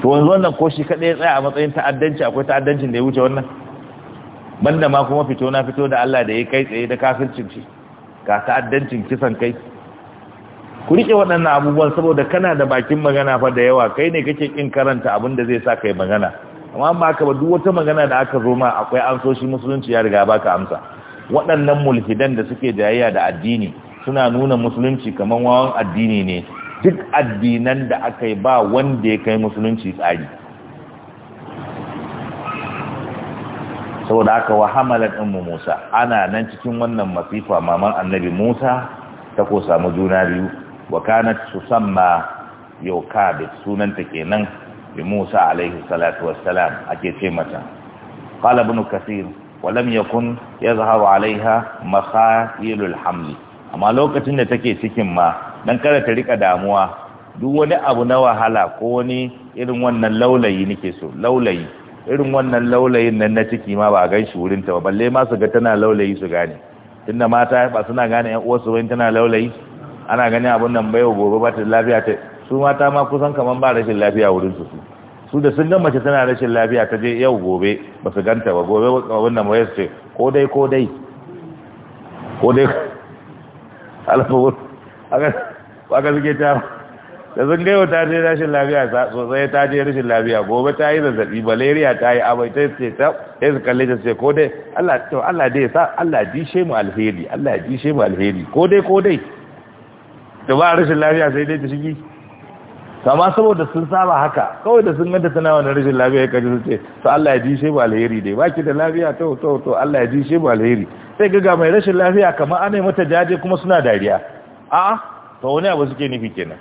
to wanzu wannan ko shi kaɗai ya tsaya a matsayin ta'addanci akwai ta'addancin da ya wuce wannan banda ma kuma fito na fito da Allah da ya kai tsaye da kafircin shi ga ta'addancin kisan kai ku rike waɗannan abubuwan saboda kana da bakin magana fa da yawa kai ne kake kin karanta abin da zai sa kai magana amma ba ka ba duk wata magana da aka zo ma akwai ansoshi musulunci ya riga baka amsa waɗannan mulhidan da suke jayayya da addini suna nuna musulunci kamar wawan addini ne duk addinan da aka yi ba wanda ya kai musulunci tsari saboda haka wa ɗin mu Musa ana nan cikin wannan masifa maman annabi Musa ta ko samu juna biyu wa kanat tusamma yaukabe sunanta nan, bi Musa alaihi salatu wassalam ake ce mata Kala bin kasir wa lam yakun yazharu alaiha makhayilul hamli amma lokacin da take cikin ma dan kada ta rika damuwa duk wani abu na wahala ko wani irin wannan laulayi nake so laulayi irin wannan laulayin nan na ciki ma ba a gan shi wurin ta ba balle ma su ga tana laulayi su gane tunda mata ba suna gane yan uwarsu wani tana laulayi ana gani abun nan bai gobe ba ta lafiya ta su mata ma kusan kaman ba rashin lafiya wurin su su da sun gan mace tana rashin lafiya ta je yau gobe ba su ganta ba gobe abun nan su ce ko dai ko dai ko dai alfa wurin ga suke ta da sun gaiwa ta je rashin lafiya sosai ta je rashin lafiya gobe ta yi zazzabi malaria ta yi abai ta ce ta sai su kalle ta ce ko dai Allah to Allah dai sa Allah ji shi mu alheri Allah ji shi mu alheri ko dai ko dai da ba rashin lafiya sai dai ta shigi amma saboda sun saba haka kawai da sun ganta tana wani rashin lafiya ya kaji su ce to Allah ya ji shi mu alheri dai ki da lafiya to to to Allah ya ji shi mu alheri sai ga mai rashin lafiya kamar ana mata jaje kuma suna dariya a'a to wani abu suke nufi kenan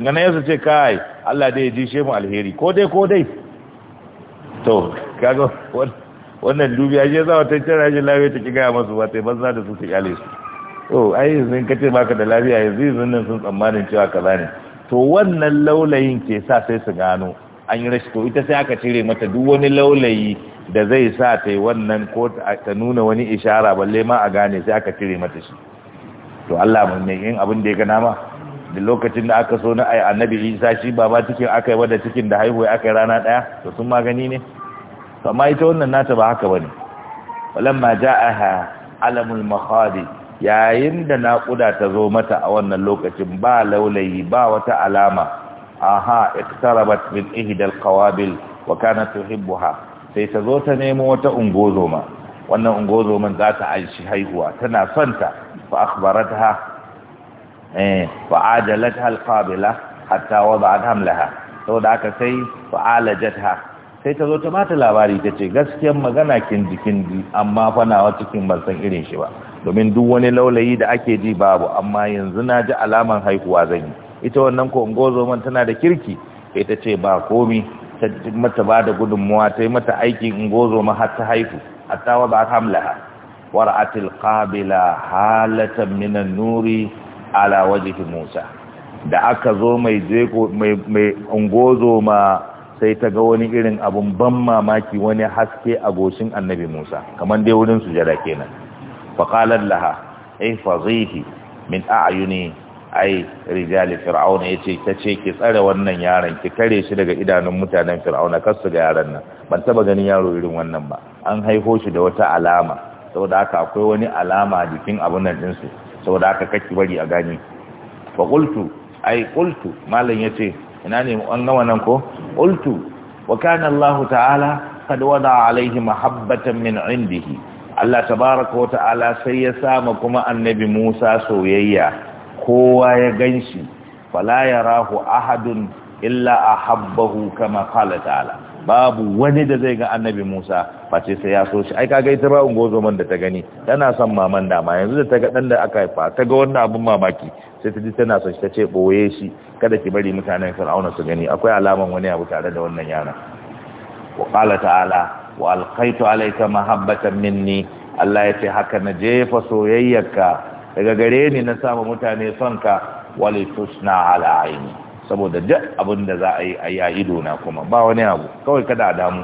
daga yanzu yasa ce kai Allah dai ya ji shemu alheri ko dai ko dai to kaga wannan dubiya je za wata tana shi lafiya ta kiga masu ba ta banza da su ta kyale su to ai yanzu ka ce baka da lafiya yanzu yanzu nan sun tsammanin cewa kaza ne to wannan laulayin ke sa sai su gano an yi rashi ita sai aka cire mata duk wani laulayi da zai sa ta yi wannan ko ta nuna wani ishara balle ma a gane sai aka cire mata shi to Allah ne in abin da ya gana ma da lokacin da aka so na ai annabi isa shi ba ba cikin aka yi wadda cikin da haihuwa aka yi rana ɗaya to sun magani ne amma ita wannan nata ba haka ba ne walamma ja'aha alamul makhadi yayin da naƙuda ta zo mata a wannan lokacin ba laulayi ba wata alama aha iktarabat min ihdal qawabil wa kanat tuhibbuha sai ta zo ta nemo wata ungozoma wannan ungozoman za ta aishi haihuwa tana son ta fa akhbaratha fa'ajalat eh, al-qabila hatta wada'at hamlaha saboda aka sai fa'alajatha sai ta zo ta bata labari ta ce gaskiyar magana kin jikin ji amma fa nawa cikin ban irin shi ba domin duk wani laulayi da ake ji babu amma yanzu na ji alaman haihuwa zan yi ita wannan ko ungozo man tana da kirki sai ta ce ba komi ta mata ba da gudunmuwa ta yi mata aikin ungozo ma har ta haihu hatta wada'at hamlaha wara'atil qabila halatan minan nuri ala wajihi Musa da aka zo mai jeko mai ungozo ma sai ta ga wani irin abun ban mamaki wani haske a goshin annabi Musa kamar dai wurin sujada kenan faqalat laha ay fazihi min a'yuni ai rijali fir'auna yace tace ki tsare wannan yaron ki kare shi daga idanun mutanen fir'auna kar su ga yaron nan ban taba ganin yaro irin wannan ba an haifo shi da wata alama saboda haka akwai wani alama jikin abun nan din su saboda haka kake bari a gani fa qultu ai qultu malam yace ina ne an nawa nan ko qultu wa kana Allah ta'ala kad wada alaihi mahabbatan min indihi Allah tabaraka wa ta'ala sai ya sama kuma annabi Musa soyayya kowa ya ganshi fala yarahu ahadun illa ahabbahu kama qala ta'ala babu wani da zai ga annabi Musa face sai ya so shi ai kaga ita ba man da ta gani tana son maman dama yanzu da ta ga dan da aka haifa ta ga wannan abun mamaki sai ta ji tana son shi ta ce boye shi kada ki bari mutanen Fir'auna su gani akwai alaman wani abu tare da wannan yaran. wa qala ta'ala wa alqaitu alayka mahabbatan minni Allah ya ce haka na jefa soyayyarka daga gare ni na samu mutane son ka wali tusna ala aini saboda duk abin da za a yi a yi a ido na kuma ba wani abu kawai kada a damu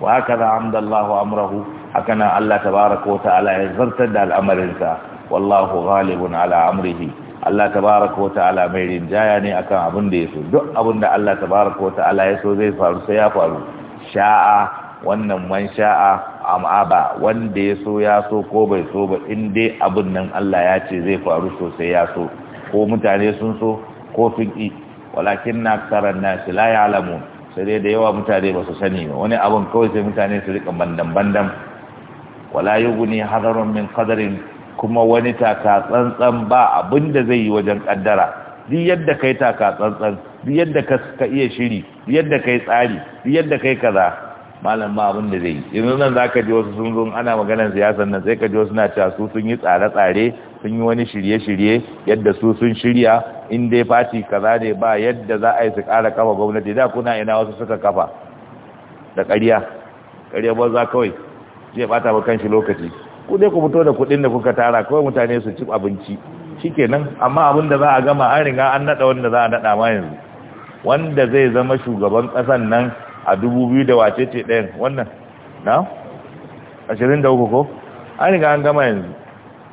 wa haka za amdallahu amrahu haka nan Allah tabaraka wa ta'ala ya zartar da al'amarinsa wallahu ghalibun ala amrihi Allah tabaraka wa ta'ala mai rinjaya ne akan abin da ya so duk abin da Allah tabaraka wa ta'ala ya so zai faru sai ya faru sha'a wannan man sha'a amma ba wanda ya so ya so ko bai so ba in dai abin nan Allah ya ce zai faru sosai ya so ko mutane sun so ko sun ƙi walakin na aksarar nasi la ya alamu sai dai da yawa mutane ba su sani ba wani abin kawai sai mutane su rika bandan-bandan wala yi guni hadarun min kadarin kuma wani takatsantsan ba abin da zai yi wajen kaddara duk yadda kai taka tsantsan duk yadda ka iya shiri duk yadda kai tsari duk yadda kai kaza malam ma abin da zai yi yanzu nan za ka ji wasu sun zo ana maganar siyasar nan sai ka ji wasu na cewa su sun yi tsare-tsare sun yi wani shirye-shirye yadda su sun shirya in dai fati kaza ne ba yadda za a yi su ƙara kafa gwamnati da kuna ina wasu suka kafa da ƙarya ƙarya ba za kawai zai bata ba kanshi lokaci ku dai ku fito da kuɗin da kuka tara kawai mutane su ci abinci shikenan amma abin da za a gama an riga an naɗa wanda za a naɗa ma yanzu wanda zai zama shugaban ƙasan nan a dubu biyu da wacece ɗayan wannan na ashirin da uku ko an riga an gama yanzu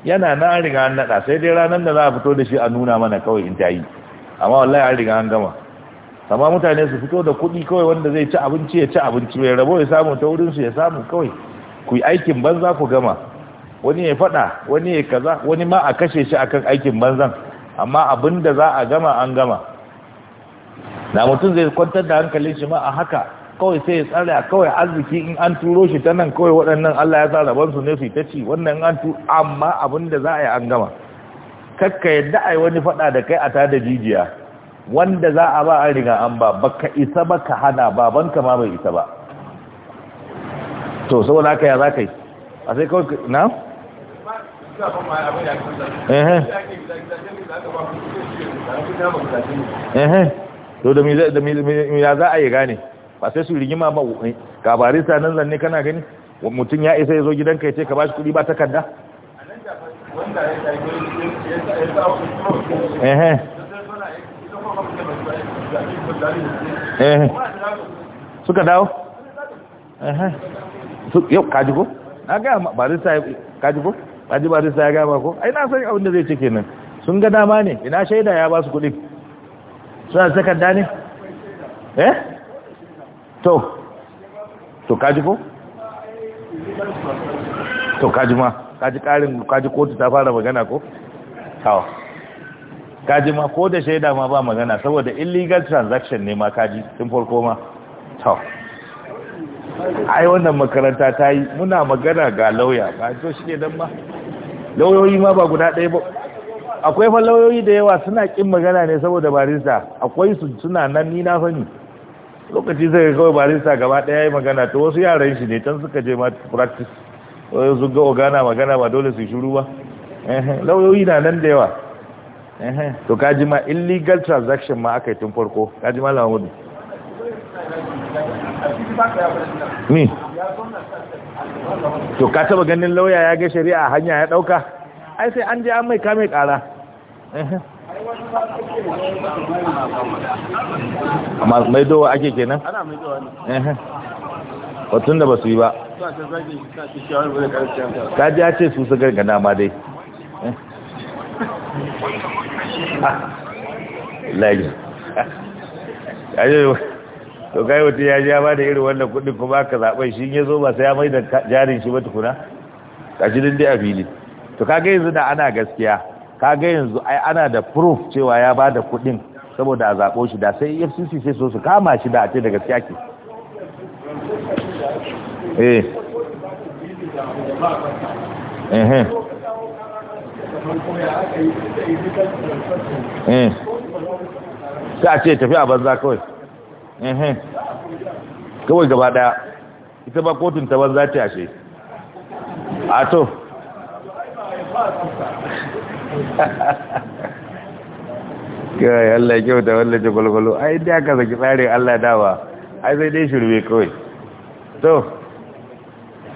yana na an riga an naɗa sai dai ranar da za a fito da shi a nuna mana kawai in ta yi amma wallahi an riga an gama amma mutane su fito da kuɗi kawai wanda zai ci abinci ya ci abinci mai rabo ya samu ta wurin su ya samu kawai ku yi aikin banza ku gama wani ya faɗa wani ya kaza wani ma a kashe shi akan aikin banzan amma abinda za a gama an gama na mutum zai kwantar da hankalin shi ma a haka kawai sai ya tsara kawai arziki in an turo shi ta nan kawai waɗannan Allah ya sa bansu ne su ta ci wannan an tu amma abin da za a yi an gama kakka yadda a yi wani faɗa da kai a ta da jijiya wanda za a ba an riga an ba baka isa ba ka hana ka ma bai isa ba to saboda haka ya za ka yi a sai kawai na? to da mi za a yi gane ba sai su rigima ba ka barista nan zanne kana gani mutum ya isa ya zo gidanka ya ce ka bashi kuɗi ba takarda ehe ehe suka dawo ehe yau kaji ko na gaya ma barista kaji ko kaji barista ya gaya ko ai na san abin da zai cike nan. sun ga dama ne ina shaida ya ba su kuɗi suna takarda ne eh to to kaji ko to kaji ma kaji karin kaji kotu ta fara magana ko tawa kaji ma ko da shaida ma ba magana saboda illegal transaction ne ma kaji tun farko ma tawa ai wannan makaranta ta yi muna magana ga lauya ba to shi ne dan ma lauyoyi ma ba guda ɗaya ba akwai fa lauyoyi da yawa suna kin magana ne saboda barista akwai su suna nan ni na sani lokaci zai kawai barista gaba ɗaya ya yi magana to wasu yaran shi ne can suka je ma practice wasu sun ga ogana magana ba dole su shiru ba lauyoyi na nan da yawa to kaji ma illegal transaction ma aka yi tun farko kaji ma lamamudu ni to ka taba ganin lauya ya ga shari'a hanya ya ɗauka ai sai an je an mai kame ƙara mai dowa ake kenan? ana dowa ne watun da ba su yi ba ka ji ya ce su su gargana ma dai lagi ya ce to kai wata ya ja ba da irin wannan kudin kuma aka zaɓai shi ya zo ba sai ya mai da jarin shi ba tukuna ƙashi dai a fili to kaga yanzu da ana gaskiya kaga yanzu ai ana da proof cewa ya ba da kuɗin saboda a zaɓo shi da sai fcc sai so su kama shi da a ce daga gaskiya eh. eh sai a ce tafi a banza kawai kawai gaba daya ita ba kotun ta banza ce ashe a to kai Allah kyauta da wallace gwalgwalo ai da aka saki tsarin Allah dawa ai sai dai shirme kawai to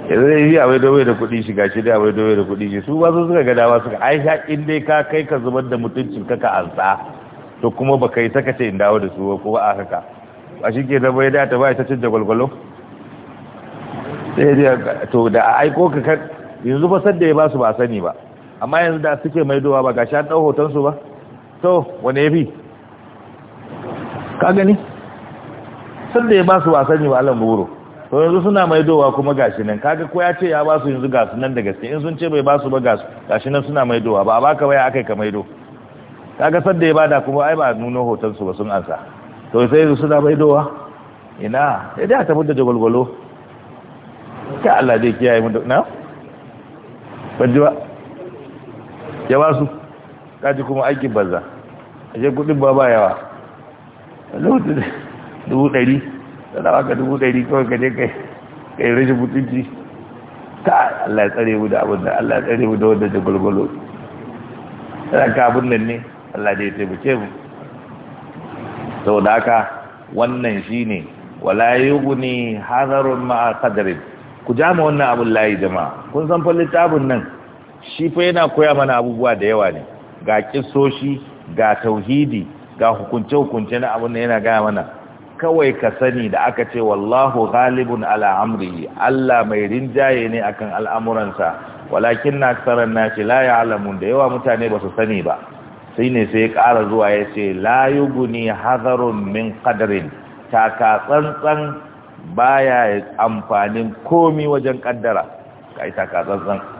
yanzu dai yi awai dobe da kuɗi shiga shi dai awai dobe da kuɗi shi su ba su suka ga dawa suka ai sha in dai ka kai ka zubar da mutuncin ka ka ansa to kuma ba kai ta kace in dawo da su ko ba aka haka a shi ke zama da ta ba ta cin da gwalgwalo sai dai to da aiko ka yanzu ba da ya ba su ba sani ba amma yanzu da suke maidowa ba gashi an ɗau hotonsu ba to wane ya fi ka gani sun da ya ba su wasan yi wa buru to yanzu suna maidowa kuma gashi nan kaga ko ya ce ya ba su yanzu gasu nan da gaske in sun ce bai ba su ba gasu gashi nan suna maidowa ba a baka waya akai ka maido kaga san da ya bada kuma ai ba nuno hotonsu ba sun ansa to sai yanzu suna maidowa ina ya eh, da ta da jagwalgwalo ka Allah zai kiyaye mu na ban ji ba ya ba su kaji kuma aikin banza a je kudin ba ba yawa lokacin dubu ɗari da baka dubu ɗari kawai ka je kai kai rashin mutunci ta Allah ya tsare mu da abin da Allah ya tsare mu da wanda ta gulgulo yana ka abin nan ne Allah da ya taimake mu sau da haka wannan shi ne wala yughni hazarun ma'a kadarin ku jami wannan abin layi jama'a kun san fallita abin nan shi fa yana koya mana abubuwa da yawa ne ga kisoshi ga tauhidi ga hukunce-hukunce na abun da yana gaya mana kawai ka sani da aka ce wallahu ghalibun ala amri Allah mai rinjaye ne akan al'amuransa walakin na tsaron ce la ya'lamun da yawa mutane ba su sani ba sai ne sai ya ƙara zuwa ya ce la yuguni hazarun min qadarin taka tsantsan baya amfanin komi wajen kaddara kai taka tsantsan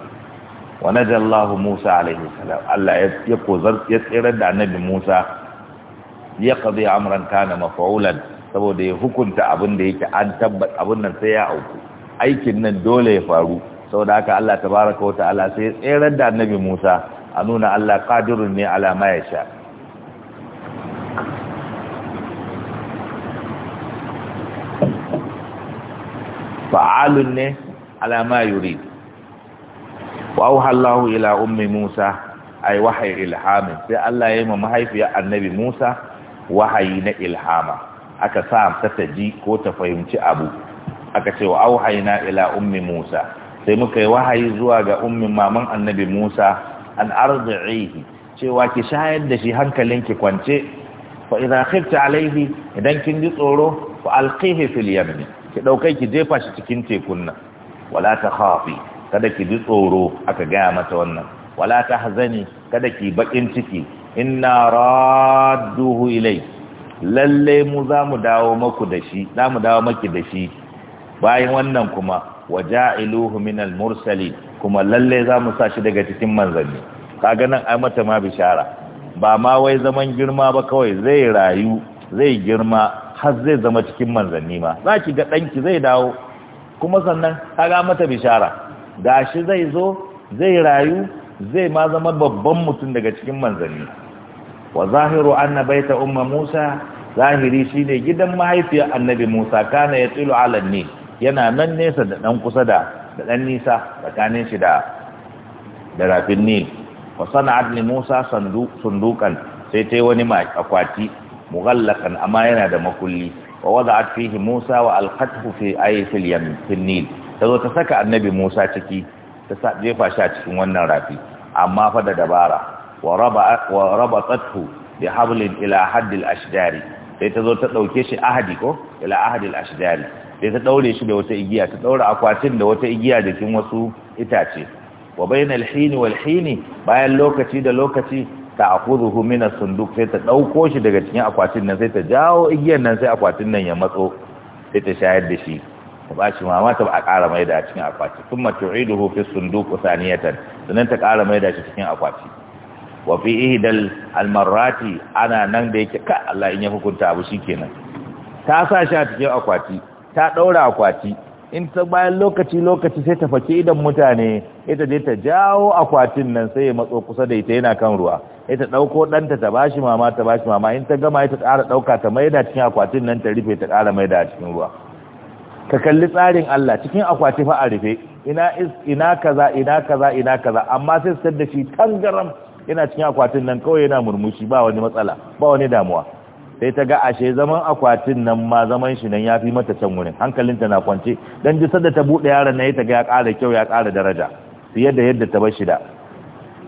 wa najallahu Musa alaihi salam Allah ya kozar ya tsirar da annabi Musa ya qadi amran kana maf'ulan saboda ya hukunta abin da yake an tabbat abin nan sai ya auku aikin nan dole ya faru saboda haka Allah tabaraka wa ta'ala sai ya tsirar da annabi Musa a nuna Allah qadirun ne ala ma yasha fa'alun ne ala ma yurid wa Allah ila ummi Musa ay wahayi ilhamin sai Allah ya yi ma mahaifiyar annabi Musa wahayi na ilhama aka sa ta taji ko ta fahimci abu aka ce wa auhayna ila ummi Musa sai muka yi wahayi zuwa ga ummin maman annabi Musa an arzihi cewa ki shayar da shi ki kwance fa idza khifta alayhi idan kin ji tsoro fa alqihi fil yamni ki daukai ki jefa shi cikin tekun nan wala takhafi kada ki ji tsoro aka gaya mata wannan wala ta hazani. kada ki bakin ciki inna radduhu ilai lalle mu za mu dawo maku da shi za mu dawo maki da shi bayan wannan kuma waja'iluhu minal mursali kuma lalle za mu sa shi daga cikin manzanni kaga nan ai mata ma bishara ba ma wai zaman girma ba kawai zai rayu zai girma har zai zama cikin manzanni ma za ki ga danki zai dawo kuma sannan kaga mata bishara gashi zai zo zai rayu zai ma zama babban mutum daga cikin manzanni wa zahiru anna baita umma Musa zahiri shine gidan mahaifiyar annabi Musa kana ya tsilu alan ne yana nan nesa da dan kusa da da dan nisa tsakanin shi da da rafin Nil wa sana'at li Musa sundukan sai tayi wani ma akwati mughallakan amma yana da makulli wa wada'at fihi Musa wa alqathu fi ayfil yamin fil Nil ta zo ta saka annabi Musa ciki ta jefa shi a cikin wannan rafi amma fa da dabara wa raba wa rabatathu bi hablin ila haddil ashdari sai ta zo ta dauke shi ahadi ko ila ahadil ashdari sai ta daure shi da wata igiya ta daura akwatin da wata igiya jikin wasu itace wa bainal hini wal hini bayan lokaci da lokaci ta akuzuhu min as-sunduq sai ta dauko shi daga cikin akwatin nan sai ta jawo igiyan nan sai akwatin nan ya matso sai ta shayar da shi ta bashi mama ta ba a ƙara mai da cikin akwati sun mace iduhu sun duku saniyatan sannan ta ƙara mai da shi cikin akwati wa fi dal almarati ana nan da yake ka Allah in ya hukunta abu shi kenan ta sa shi a cikin akwati ta ɗaura akwati in ta bayan lokaci lokaci sai ta faki idan mutane ita je ta jawo akwatin nan sai ya matso kusa da ita yana kan ruwa ita ɗauko ɗanta ta bashi mama ta bashi mama in ta gama ita ƙara ɗauka ta maida cikin akwatin nan ta rufe ta ƙara maida a cikin ruwa ka kalli tsarin Allah cikin akwati fa a rufe ina ina kaza ina kaza ina kaza amma sai su da shi tangaram yana cikin akwatin nan kawai yana murmushi ba wani matsala ba wani damuwa sai ta ga ashe zaman akwatin nan ma zaman shi nan yafi mata can wurin hankalinta na kwance dan ji sadda ta bude yaron nan ya ta ga ya ƙara kyau ya ƙara daraja fiye da yadda ta bar shi da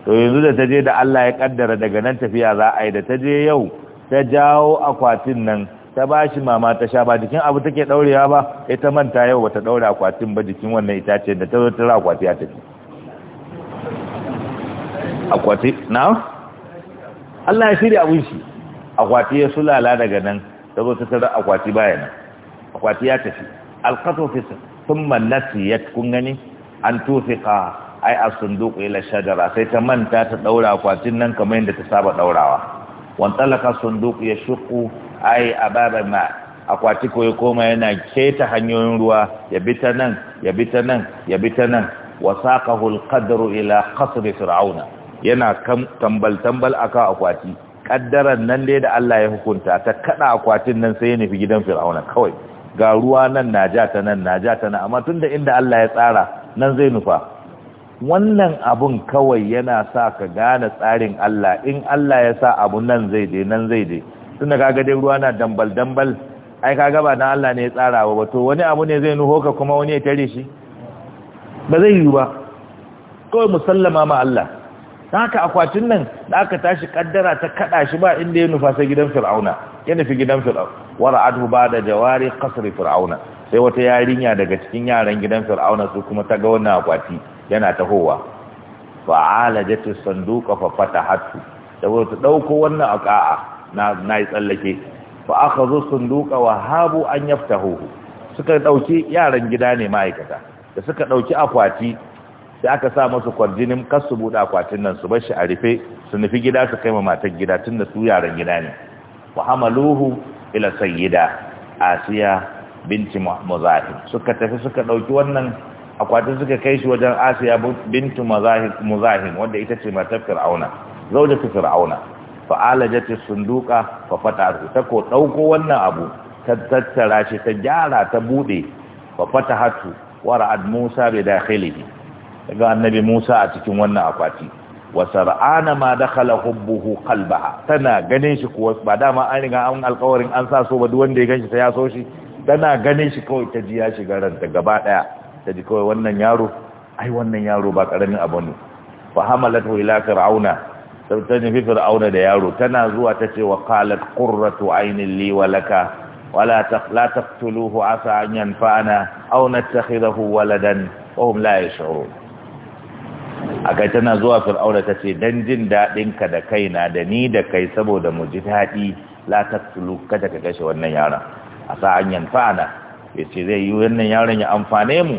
to yanzu da ta je da Allah ya kaddara daga nan tafiya za a yi da ta je yau ta jawo akwatin nan ta ba shi mama ta sha ba jikin abu take daurewa ba ita manta yau ta daura akwatin ba jikin wannan itace da ta zo ta akwati ya tafi akwati na Allah ya shirya abun shi akwati ya sulala daga nan ta zo ta tara akwati baya nan. akwati ya tafi alqatu fi thumma nasiyat kun gani an tufiqa ai as-sunduq ila shajara sai ta manta ta daura akwatin nan kamar yadda ta saba daurawa Wan talaka sunduk ya shuku ai ababa ma akwati koyo koma yana keta hanyoyin ruwa ya bi ta nan ya bi nan ya bi nan wasaqahu alqadru ila qasr fir'auna yana kam tambal tambal aka akwati kaddaran nan dai da Allah ya hukunta ta kada akwatin nan sai ya nufi gidan fir'auna kawai ga ruwa nan najata ta nan najata nan amma tunda inda Allah ya tsara nan zai nufa wannan abun kawai yana sa ka gane tsarin Allah in Allah ya sa abu nan zai je nan zai je tunda kaga dai ruwa na dambal dambal ai kaga ba dan Allah ne ya tsara ba to wani abu ne zai nuho ka kuma wani ya tare shi ba zai yi ba kawai musallama ma Allah haka akwatin nan da aka tashi kaddara ta kada shi ba inda ya nufa sai gidan Fir'auna ya nufi gidan Fir'auna ba ba'da jawari qasri Fir'auna sai wata yarinya daga cikin yaran gidan Fir'auna su kuma ta ga wannan akwati yana tahowa fa'alajatu sanduqa fa fatahatu Da ta dauko wannan aka'a na nayi tsallake fa akhadhu sanduqa wa habu an yaftahuhu suka dauki yaran gida ne ma'aikata da suka dauki akwati sai aka sa musu kwarjinin kasu buɗe akwatin nan su bar shi a rufe su nufi gida su kai ma matan gida tunda su yaran gida ne wa hamaluhu ila sayyida asiya binti muzahim suka tafi suka dauki wannan akwatin suka kai shi wajen asiya bintu muzahim wanda ita ce matar fir'auna zaujatu fir'auna fa alajat sunduqa fa ta ko dauko wannan abu ta tattara shi ta gyara ta bude fa fatahatu wa ra'ad musa bi dakhilihi daga annabi musa a cikin wannan akwati wa sar'ana ma dakhala hubbuhu qalbaha tana ganin shi kuwa ba dama an riga an alƙawarin an sa so ba duk wanda ya ganshi ta ya so shi tana ganin shi kawai ta ji ya shiga ranta gaba daya ta ji kawai wannan yaro ai wannan yaro ba karamin abu ne fa hamalatu ila fir'auna sai ta nufi fir'auna da yaro tana zuwa ta ce wa qalat qurratu ayni li wa laka wala la taqtuluhu asa an yanfa'ana aw nattakhidahu waladan wa hum la yash'urun aka tana zuwa fir'auna ta ce dan jin dadin ka da kaina da ni da kai saboda mu ji dadi la taqtulu kada ka kashe wannan yaron asa an yanfa'ana yace zai yi wannan yaron ya amfane mu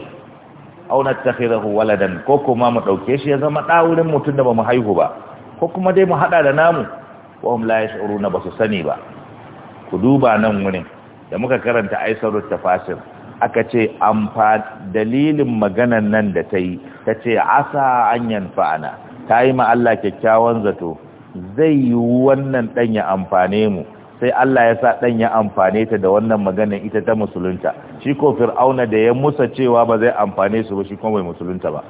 auna takhirahu waladan ko kuma mu dauke shi ya zama da wurin mutun da bamu haihu ba ko kuma dai mu hada da namu wa hum la yash'uruna basu sani ba ku duba nan wurin da muka karanta aisarut tafasir aka ce amfa dalilin maganan nan da ta yi ta ce asa an yanfa'ana ta yi ma Allah kyakkyawan zato zai yi wannan dan ya amfane mu sai Allah ya sa dan ya amfane ta da wannan maganan ita ta musulunta shi ko fir'auna da ya musa cewa ba zai amfane su ba shi kuma bai musulunta ba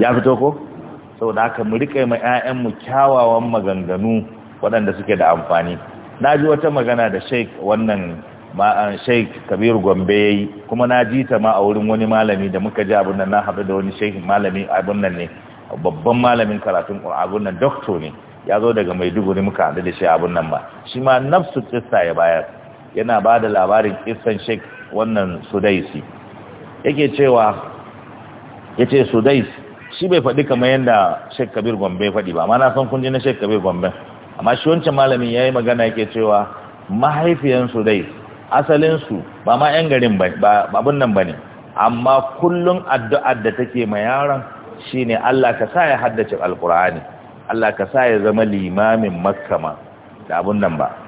ya fito ko saboda haka mu rike ma mu kyawawan maganganu waɗanda suke da amfani na ji wata magana da sheik wannan ma'an eh, sheik kabir gombe ya yi kuma na ji ta ma a wurin wani malami da muka ji abin nan na haɗu da wani sheik malami abin nan ne babban malamin karatun abin nan doktor ne ya zo daga maiduguri muka haɗu da shi abin nan ba shi ma nafsu kista ya bayar yana ba da labarin kissan sheik wannan sudaisi yake cewa ya ce sudais shi bai faɗi kamar yadda sheik kabir gombe faɗi ba mana na san kun na sheik kabir gombe amma shi wancan malamin ya yi magana yake cewa mahaifiyan sudais asalinsu ba ma 'yan garin ba abin nan ba ne amma kullum addu'ar da take ma yaron shine Allah ka sa ya haddace alkur'ani Allah ka sa ya zama limamin makama da abun nan ba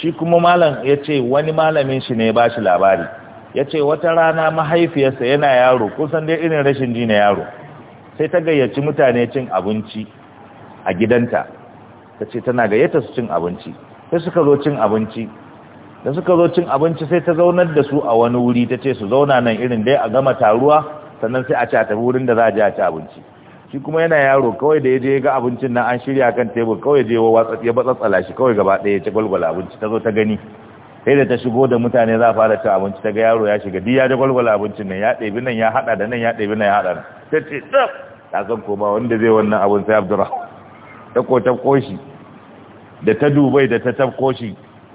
shi kuma malam ya ce wani malamin shi ne ba shi labari ya ce wata rana mahaifiyarsa yana yaro kusan dai irin rashin ji na yaro sai ta gayyaci mutane cin abinci a gidanta ta ce tana gayyata su cin abinci sai suka zo cin abinci da suka zo cin abinci sai ta zaunar da su a wani wuri ta ce su zauna nan irin dai a gama taruwa sannan sai a ci a tafi wurin da za a je a ci abinci shi kuma yana yaro kawai da ya je ga abincin nan an shirya kan tebur kawai je ya batsatsala shi kawai gaba ɗaya ta gwalgwala abinci ta zo ta gani sai da ta shigo da mutane za a fara ta abinci ta ga yaro ya shiga diya ya da gwalgwala abincin nan ya ɗebi nan ya haɗa da nan ya ɗebi nan ya haɗa ta ce tsaf ta san ko ba wanda zai wannan abin sai Abdura. ta ko ta koshi da ta dubai da ta tafko shi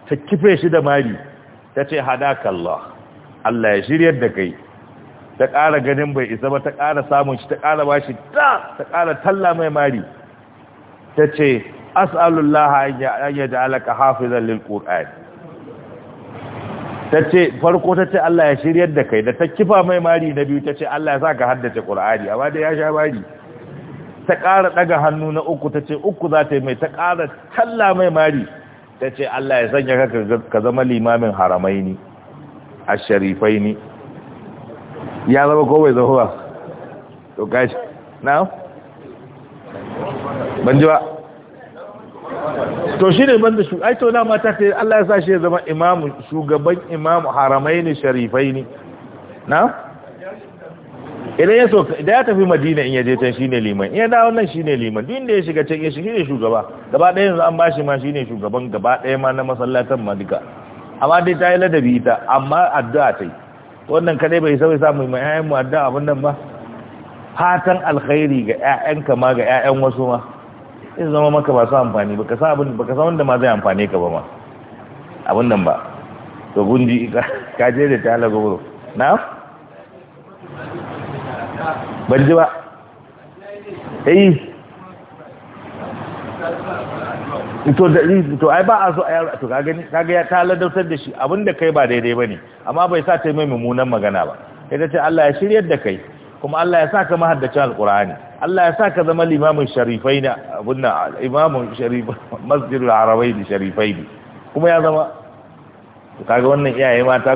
ta kife shi da mari ta ce hadakallah Allah ya shiryar da kai ta ƙara ganin bai isa ba ta ƙara samun shi ta ƙara ba shi ta ƙara talla mai mari ta ce as'alullah an ya ja'alaka hafizan lil ta ce farko ta ce Allah ya shiryar da kai da ta kifa mai mari na biyu ta ce Allah ya sa ka haddace ƙur'ani amma da ya sha mari ta ƙara ɗaga hannu na uku ta ce uku za ta yi mai ta ƙara talla mai mari ta ce Allah ya sanya ka zama limamin haramaini a sharifai ne ya zama ko bai ba to kashi na ban ji ba to shi ne ban da shu ai to na mata ta Allah ya sa shi ya zama imamu shugaban imamu haramai ne sharifai ne na idan ya so da ya tafi madina in ya je shi shine liman in ya dawo nan shine liman duk inda ya shiga can ya shige shugaba gaba ɗaya yanzu an bashi ma shine shugaban gaba ɗaya ma na masallatan ma duka amma dai ta yi ladabi ita amma addu'a ta yi wannan kadai bai sai samu mai ƴaƴan mu adda abin nan ba fatan alkhairi ga ƴaƴanka ma ga ƴaƴan wasu ma in zama maka ba su amfani baka sa abin baka sa wanda ma zai amfane ka ba ma abin nan ba to gundi ka je da ta halaga na ban ji ba eh to da to ai ba a zo a yaro to kaga kaga ya ta ladautar da shi abinda kai ba daidai bane amma bai sa ta mai mummunan magana ba sai ta ce Allah ya shiryar da kai kuma Allah ya sa ka mahaddacin alqur'ani Allah ya sa ka zama limamin sharifaina abunna imamun sharif masjidul arabaini sharifaini kuma ya zama kaga wannan iyaye mata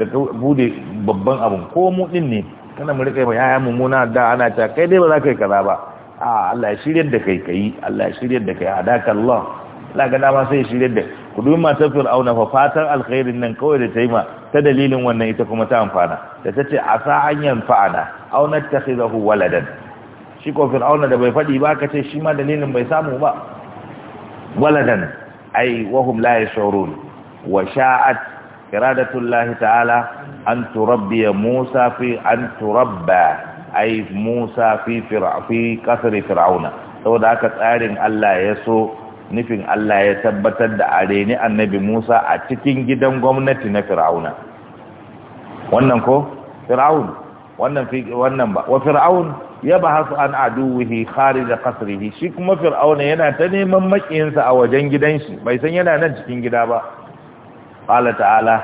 da bude babban abun ko mu din ne kana mu rika yaya mummuna da ana ta kai dai ba za ka yi kaza ba A'a Allah ya shiryar da kai kai Allah ya shiryar da kai hadaka Allah Allah ga dama sai ya shiryar da ku dubi matar Fir'auna fa fatan alkhairin nan kawai da ta yi ma ta dalilin wannan ita kuma ta amfana da ta ce asa an yanfa'ana aw nattakhidahu waladan shi ko Fir'auna da bai fadi ba ka ce shi ma dalilin bai samu ba waladan ai wahum la yashurun wa sha'at iradatu Allah ta'ala an turabbiya Musa fi an turabba ai Musa fi fir'afi kasri fir'auna saboda haka tsarin Allah ya so nufin Allah ya tabbatar da areni annabi Musa a cikin gidan gwamnati na fir'auna wannan ko fir'aun wannan fi wannan ba wa fir'aun yabahasu an aduwihi kharij qasrihi shi kuma fir'auna yana ta neman makiyinsa a wajen gidan shi bai san yana nan cikin gida ba qala ta'ala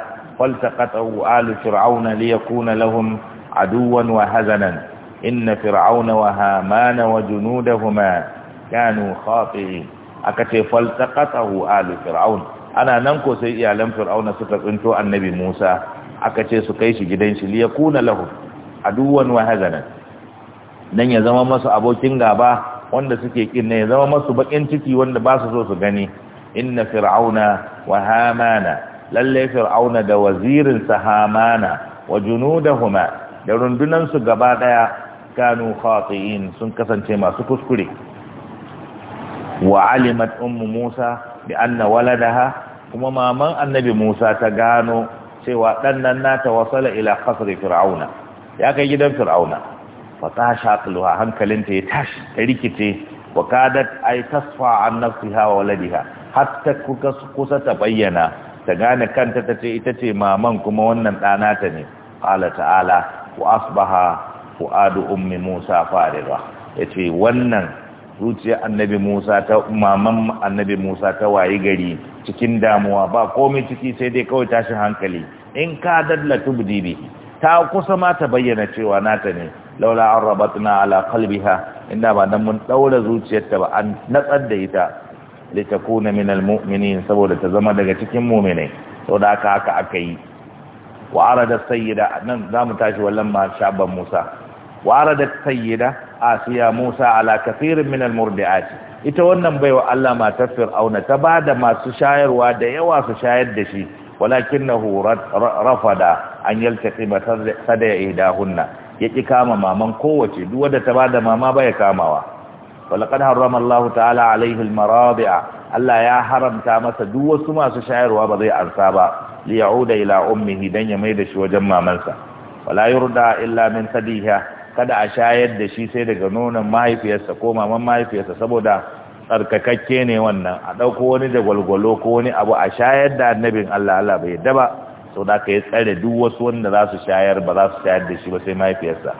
qaltaqatu alu fir'auna liyakuna lahum aduwan wa hazanan inna fir'auna wa hamana wa junudahuma kanu khati'in aka ce faltaqatahu alu fir'aun ana nan ko sai iyalan fir'auna suka tsinto annabi Musa aka ce su kai shi gidan shi li yakuna lahu aduwan wa hazanan dan ya zama masu abokin gaba wanda suke kin ne ya zama masu bakin ciki wanda ba su so su gani inna fir'auna wa hamana lalle fir'auna da wazirin sa hamana wa junudahuma da rundunan su gaba daya kanu khati'in sun kasance masu kuskure wa alimat ummu Musa bi anna waladaha kuma maman annabi Musa ta gano cewa ɗannan nata wasala ila kasar fir'auna ya kai gidan fir'auna fa ta shaqluha hankalinta ya tashi ta rikice wa kadat ay tasfa an nafsiha wa waladiha hatta kuka kusa ta bayyana ta gane kanta tace ita ce maman kuma wannan ɗanata ta ne qala ta'ala wa asbaha fu'adu ummi musa fariga yace wannan zuciyar annabi musa ta maman annabi musa ta wayi gari cikin damuwa ba komai ciki sai dai kawai tashin hankali in ka dalla tubdi bi ta kusa ma ta bayyana cewa nata ne laula an rabatna ala qalbiha inda ba dan mun daura zuciyarta ba an natsar da ita litakuna min almu'minin saboda ta zama daga cikin mu'minai to haka haka aka yi wa arada sayyida nan zamu tashi wallan ma shaban musa waradat sayyida asiya musa ala kathirin min almurdiat ita wannan baiwa Allah matar fir'auna ta bada masu shayarwa da yawa su shayar da shi walakinahu rafada an yaltaqi sada Ya yaki kama maman kowace duk wanda ta bada mama baya kamawa walaqad harrama Allah ta'ala alaihi almaradi'a Allah ya haramta masa duk wasu masu shayarwa ba zai ansa ba li da ila ummihi dan ya maida shi wajen mamansa wala yurda illa min sadiha kada a shayar da shi sai daga nonon mahaifiyarsa ko maman mahaifiyarsa saboda tsarkakakke ne wannan a ɗauko wani da gwalgwalo ko wani abu a shayar da annabin Allah Allah bai yadda ba sau da aka yi tsare duk wasu wanda za su shayar ba za su shayar da shi ba sai mahaifiyarsa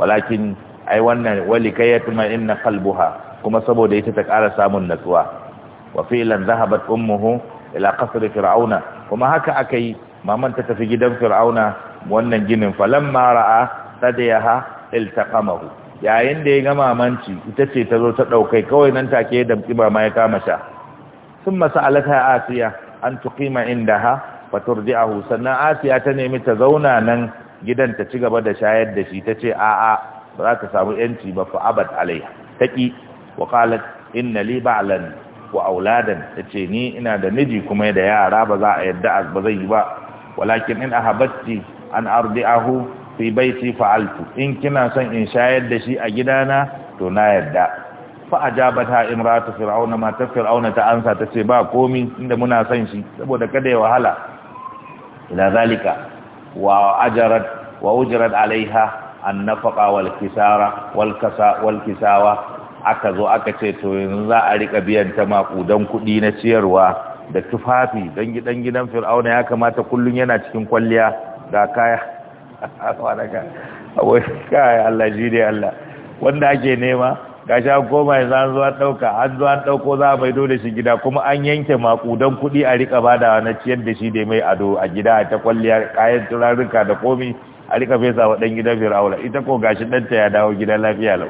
walakin ai wannan wali kai ya tuma inna kalbuha kuma saboda ita ta ƙara samun natsuwa wa filan zahabat ummuhu ila kasar fir'auna kuma haka aka yi maman ta tafi gidan fir'auna wannan ginin falamma ra'a sadiyaha iltaqamahu yayin da ya ga mamanci ita ce ta zo ta daukai kawai nan take da damki mai ya kama sha thumma sa'alata asiya an tuqima indaha fa turdi'ahu sannan asiya ta nemi ta zauna nan gidan ta ci gaba da shayar da shi tace a'a ba za ta samu yanci ba fa abad alaiha taki wa qalat inna li ba'lan wa auladan tace ni ina da miji kuma da yara ba za a yadda ba zai yi ba walakin in ahabbati an ardi'ahu fi baiti fa'altu in kina son in shayar da shi a gidana to na yarda fa ajabata imratu fir'auna ma ta fir'auna ta ansa ta ce ba komi inda muna son shi saboda kada ya wahala ila zalika wa ajarat wa ujrat alaiha annafaqa wal kisara wal kasa wal kisawa aka zo aka ce to yanzu za a rika biyan ta makudan kudi na ciyarwa da tufafi dan gidan gidan fir'auna ya kamata kullun yana cikin kwalliya da kaya wai kai Allah ji dai Allah wanda ake nema gasha an koma yanzu an ɗauka an zo ɗauko za a mai dole shi gida kuma an yanke makudan kuɗi a rika bada na ciyar da shi da mai ado a gida a ta kwalliya kayan turaruka da komi a rika fesa wa ɗan gidan firawula ita ko gashi ɗanta ya dawo gida lafiya lau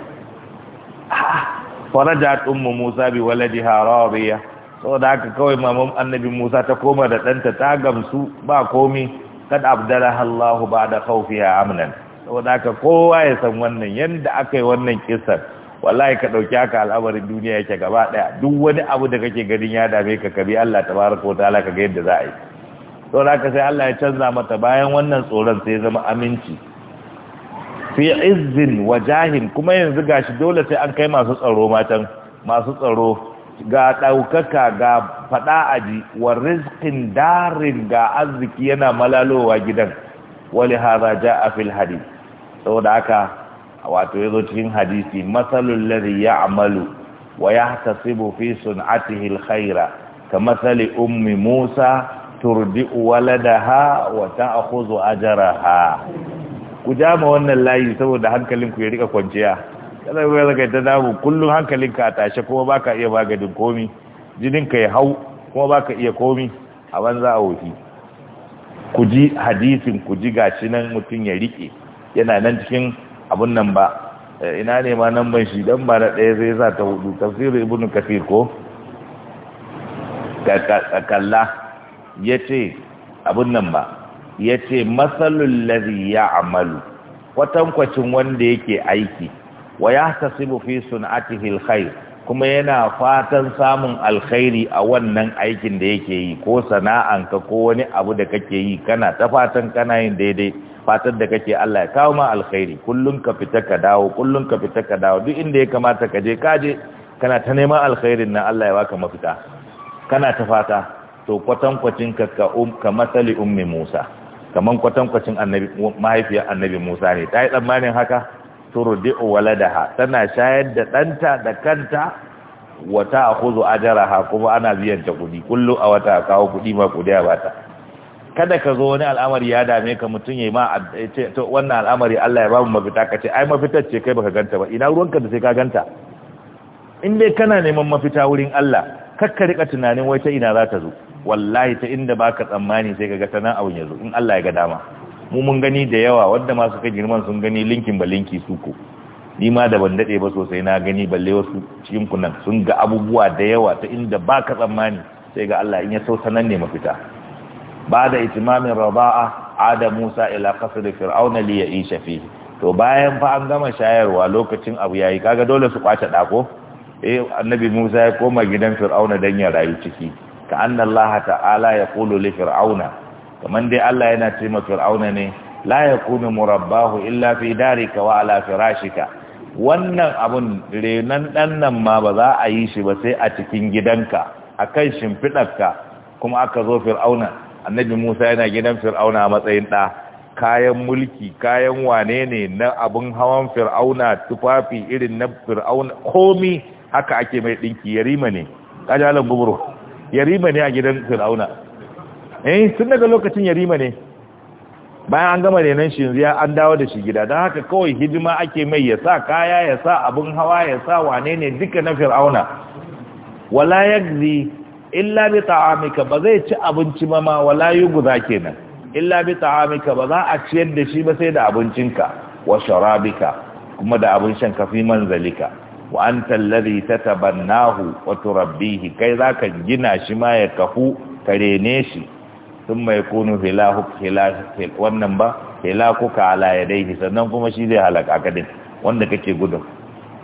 faraja mu musa bi waladi harabiya saboda haka kawai maman annabi musa ta koma da ɗanta ta gamsu ba komi kad abdalaha Allahu ba'da khawfiha amnan saboda ka kowa ya san wannan yanda aka yi wannan kisan wallahi ka dauki aka al'amarin duniya yake gaba daya duk wani abu da kake ganin ya dame ka kabi Allah tabaraka wa ta'ala ka ga yadda za a yi saboda ka sai Allah ya canza mata bayan wannan tsoron sai ya zama aminci fi izzin wajahin, kuma yanzu gashi dole sai an kai masu tsaro matan masu tsaro ga ɗaukaka ga faɗa aji wa rizkin darin ga arziki yana malalowa gidan wali hara ja a fil hadis saboda aka wato ya zo cikin hadisi matsalin lari ya amalu wa ya tasibu fi sun'atihi alkhaira ka matsali ummi musa turdi'u waladaha wa ta'khudhu ajraha ku jama wannan layi saboda hankalinku ya rika kwanciya kada ku zaka ta damu kullum hankalinka a tashe kuma baka iya maganin komi jininka ya hau kuma baka iya komi a banza a wofi ku ji hadisin ku ji gashi nan mutum ya rike yana nan cikin abun nan ba eh, ina ne ma nan ban shi dan ba na ɗaya zai sa ta hudu tafsir ibnu kafir ko kalla ya ce abun nan ba ya ce ladhi ya'malu amalu kwatankwacin wanda yake aiki wa yahtasibu fi sun'atihi alkhair kuma yana fatan samun alkhairi a wannan aikin da yake yi ko sana'anka ko wani abu da kake yi kana ta fatan kana yin daidai fatan da kake Allah ya kawo ma alkhairi kullun ka fita ka dawo kullun ka fita ka dawo duk inda ya kamata ka je ka je kana ta neman alkhairin nan Allah ya baka mafita kana ta fata to kwatankwacin ka ka um ka masali ummi Musa kaman kwatankwacin annabi mahaifiyar annabi Musa ne ta yi tsammanin haka turdi'u waladaha tana shayar da ɗanta da kanta wata akuzu ajraha kuma ana biyan ta kuɗi kullum a wata kawo kuɗi ma kuɗi a bata kada ka zo wani al'amari ya dame ka mutun yayi ma to wannan al'amari Allah ya ba mu mafita ka ai mafitar ce kai baka ganta ba ina ruwanka da sai ka ganta in dai kana neman mafita wurin Allah kakka rika tunanin wai ta ina za ta zo wallahi ta inda baka tsammani sai ka ta nan abun ya in Allah ya ga dama mu mun gani da yawa wadda masu kai girman sun gani linkin ba linki su ko ni ma da ban dade ba sosai na gani balle wasu cikin ku nan sun ga abubuwa da yawa ta inda ba ka tsammani sai ga Allah in ya so sanan ne mafita ba da itimamin raba'a ada Musa ila qasr fir'auna li ya'isha fihi to bayan fa an gama shayarwa lokacin abu yayi kaga dole su kwace dako eh annabi Musa ya koma gidan fir'auna dan ya rayu ciki ka anna ta'ala yaqulu li fir'auna kamar dai Allah yana ce ma fir'auna ne la yakunu murabbahu illa fi darika wa ala firashika wannan abun renan dan nan ma ba za a yi shi ba sai a cikin gidanka akan shimfidarka kuma aka zo fir'auna annabi Musa yana gidan fir'auna a matsayin da kayan mulki kayan wane ne na abun hawan fir'auna tufafi irin na fir'auna komi haka ake mai dinki yarima ne kajalan guburu yarima ne a gidan fir'auna eh tun daga lokacin yarima ne bayan an gama renon shi yanzu an dawo da shi gida don haka kawai hidima ake mai ya sa kaya ya sa abin hawa ya sa wane ne duka na fir'auna wala ya yagzi illa bi ta'amika ba zai ci abinci ma ma wala yi ke nan. illa bi ta'amika ba za a ciyar da shi ba sai da abincinka wa sharabika kuma da abin shan kafi manzalika wa tallari ta tabannahu wa turabbihi kai ka gina shi ma ya kafu ka rene shi sun mai kunu wannan ba hilakuka ala ya daiki sannan kuma shi zai halaka kadin wanda kake gudun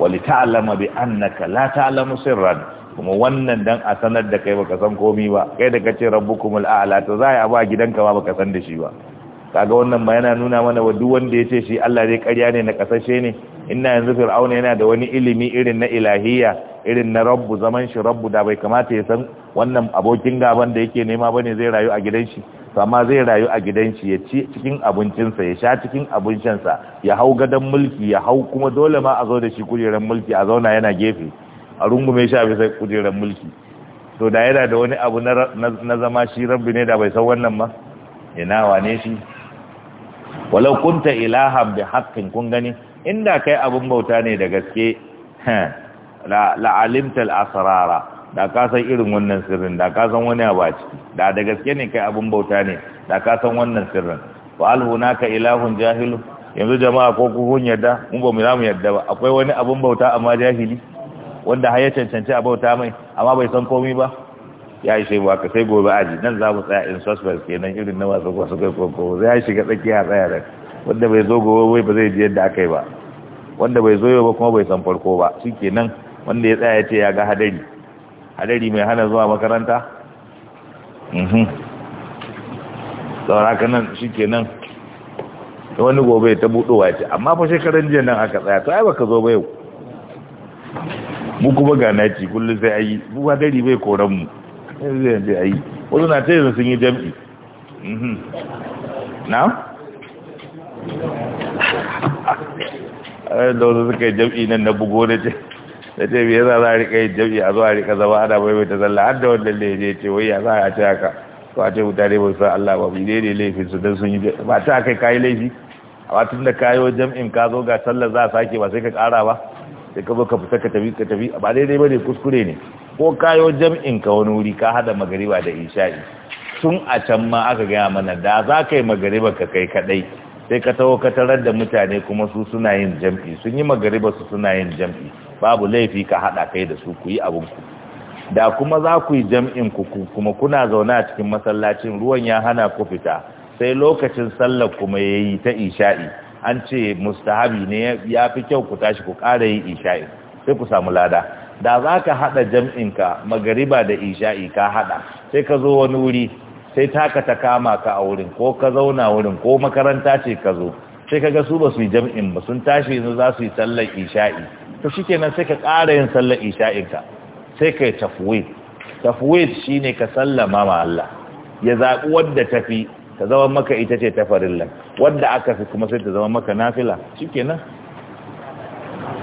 wali ta'lama bi annaka la ta'lamu sirran kuma wannan dan a sanar da kai baka san komi ba kai da kace rabbukumul a'la to za a ba gidanka ba baka san da shi ba kaga wannan ma yana nuna mana wa duk wanda yace shi Allah dai ƙarya ne na kasashe ne inna yanzu fir'auna yana da wani ilimi irin na ilahiyya irin na rabbu zaman shi rabbu da bai kamata ya san wannan abokin gaban da yake nema bane zai rayu a gidan shi to amma zai rayu a gidan shi ya ci cikin abincinsa ya sha cikin abincinsa ya hau gadon mulki ya hau kuma dole ma a zo da shi kujeran mulki a zauna yana gefe a rungume shi a bisa kujeran mulki to da yana da wani abu na zama shi Rabbu ne da bai san wannan ma ina wane shi walau kunta ilahan bi haqqin kun gani inda kai abun bauta ne da gaske la alimta al-asrara da ka san irin wannan sirrin da ka san wani abu a ciki da da gaske ne kai abun bauta ne da ka san wannan sirrin wa al hunaka ilahun jahilu yanzu jama'a ko ku hun yadda mun ba mu mu yadda ba akwai wani abun bauta amma jahili wanda har ya cancanci a bauta mai amma bai san komai ba ya yi mu aka sai gobe aji nan za mu tsaya in suspense kenan irin na wasu wasu kai koko zai shiga tsakiya tsaya da wanda bai zo gobe wai ba zai ji yadda aka yi ba wanda bai zo yau ba kuma bai san farko ba shi kenan wanda ya tsaya ya ce ya ga hadari hadari mai hana zuwa makaranta mhm. saura ka nan kenan ta wani gobe ta buɗowa ce amma fa shekaran jiya nan aka tsaya to ai baka zo ba yau mu kuma ga naci kullum sai ayi mu hadari bai koran mu zai yanzu a yi wasu na tsaye sun yi jam'i mhm. na? Eh, da wasu suka yi jam'i nan na bugo na ce da ce biya za a rika yin jam'i a zuwa rika zama ana bai mai ta zalla har da wannan da ya ce wai ya za a ce haka ko a ce mutane ba su san Allah ba bide ne laifin su don sun yi ba ta kai kayi laifi amma tun da kayo jam'in ka zo ga sallar za a sake ba sai ka kara ba sai ka zo ka fita ka tafi ka tafi ba daidai ba ne kuskure ne ko kayo jam'in ka wani wuri ka hada magariba da isha'i tun a can ma aka gaya mana da za ka yi magariba ka kai kadai sai ka taho ka tarar da mutane kuma su suna yin jam'i sun yi magariba su suna yin jam'i babu laifi ka hada kai da su ku yi abin ku da kuma za ku yi jam'in ku kuma kuna zaune a cikin masallacin ruwan ya hana ku fita sai lokacin sallar kuma yayi ta isha'i an ce mustahabi ne ya fi kyau ku tashi ku ƙara yi isha'i sai ku samu lada da za ka haɗa jam'inka magariba da isha'i ka haɗa sai ka zo wani wuri sai taka ta kama ka a wurin ko ka zauna wurin ko makaranta ce ka zo sai ka ga su ba su yi jam'in ba sun tashi yanzu za su yi sallar isha'i Ta shi kenan sai ka ƙara yin sallar isha'inka sai ka yi tafuwe tafuwe shi ne ka sallama ma Allah ya zaɓi wadda ta fi ta zama maka ita ce tafarillan wadda aka fi kuma sai ta zama maka nafila shi kenan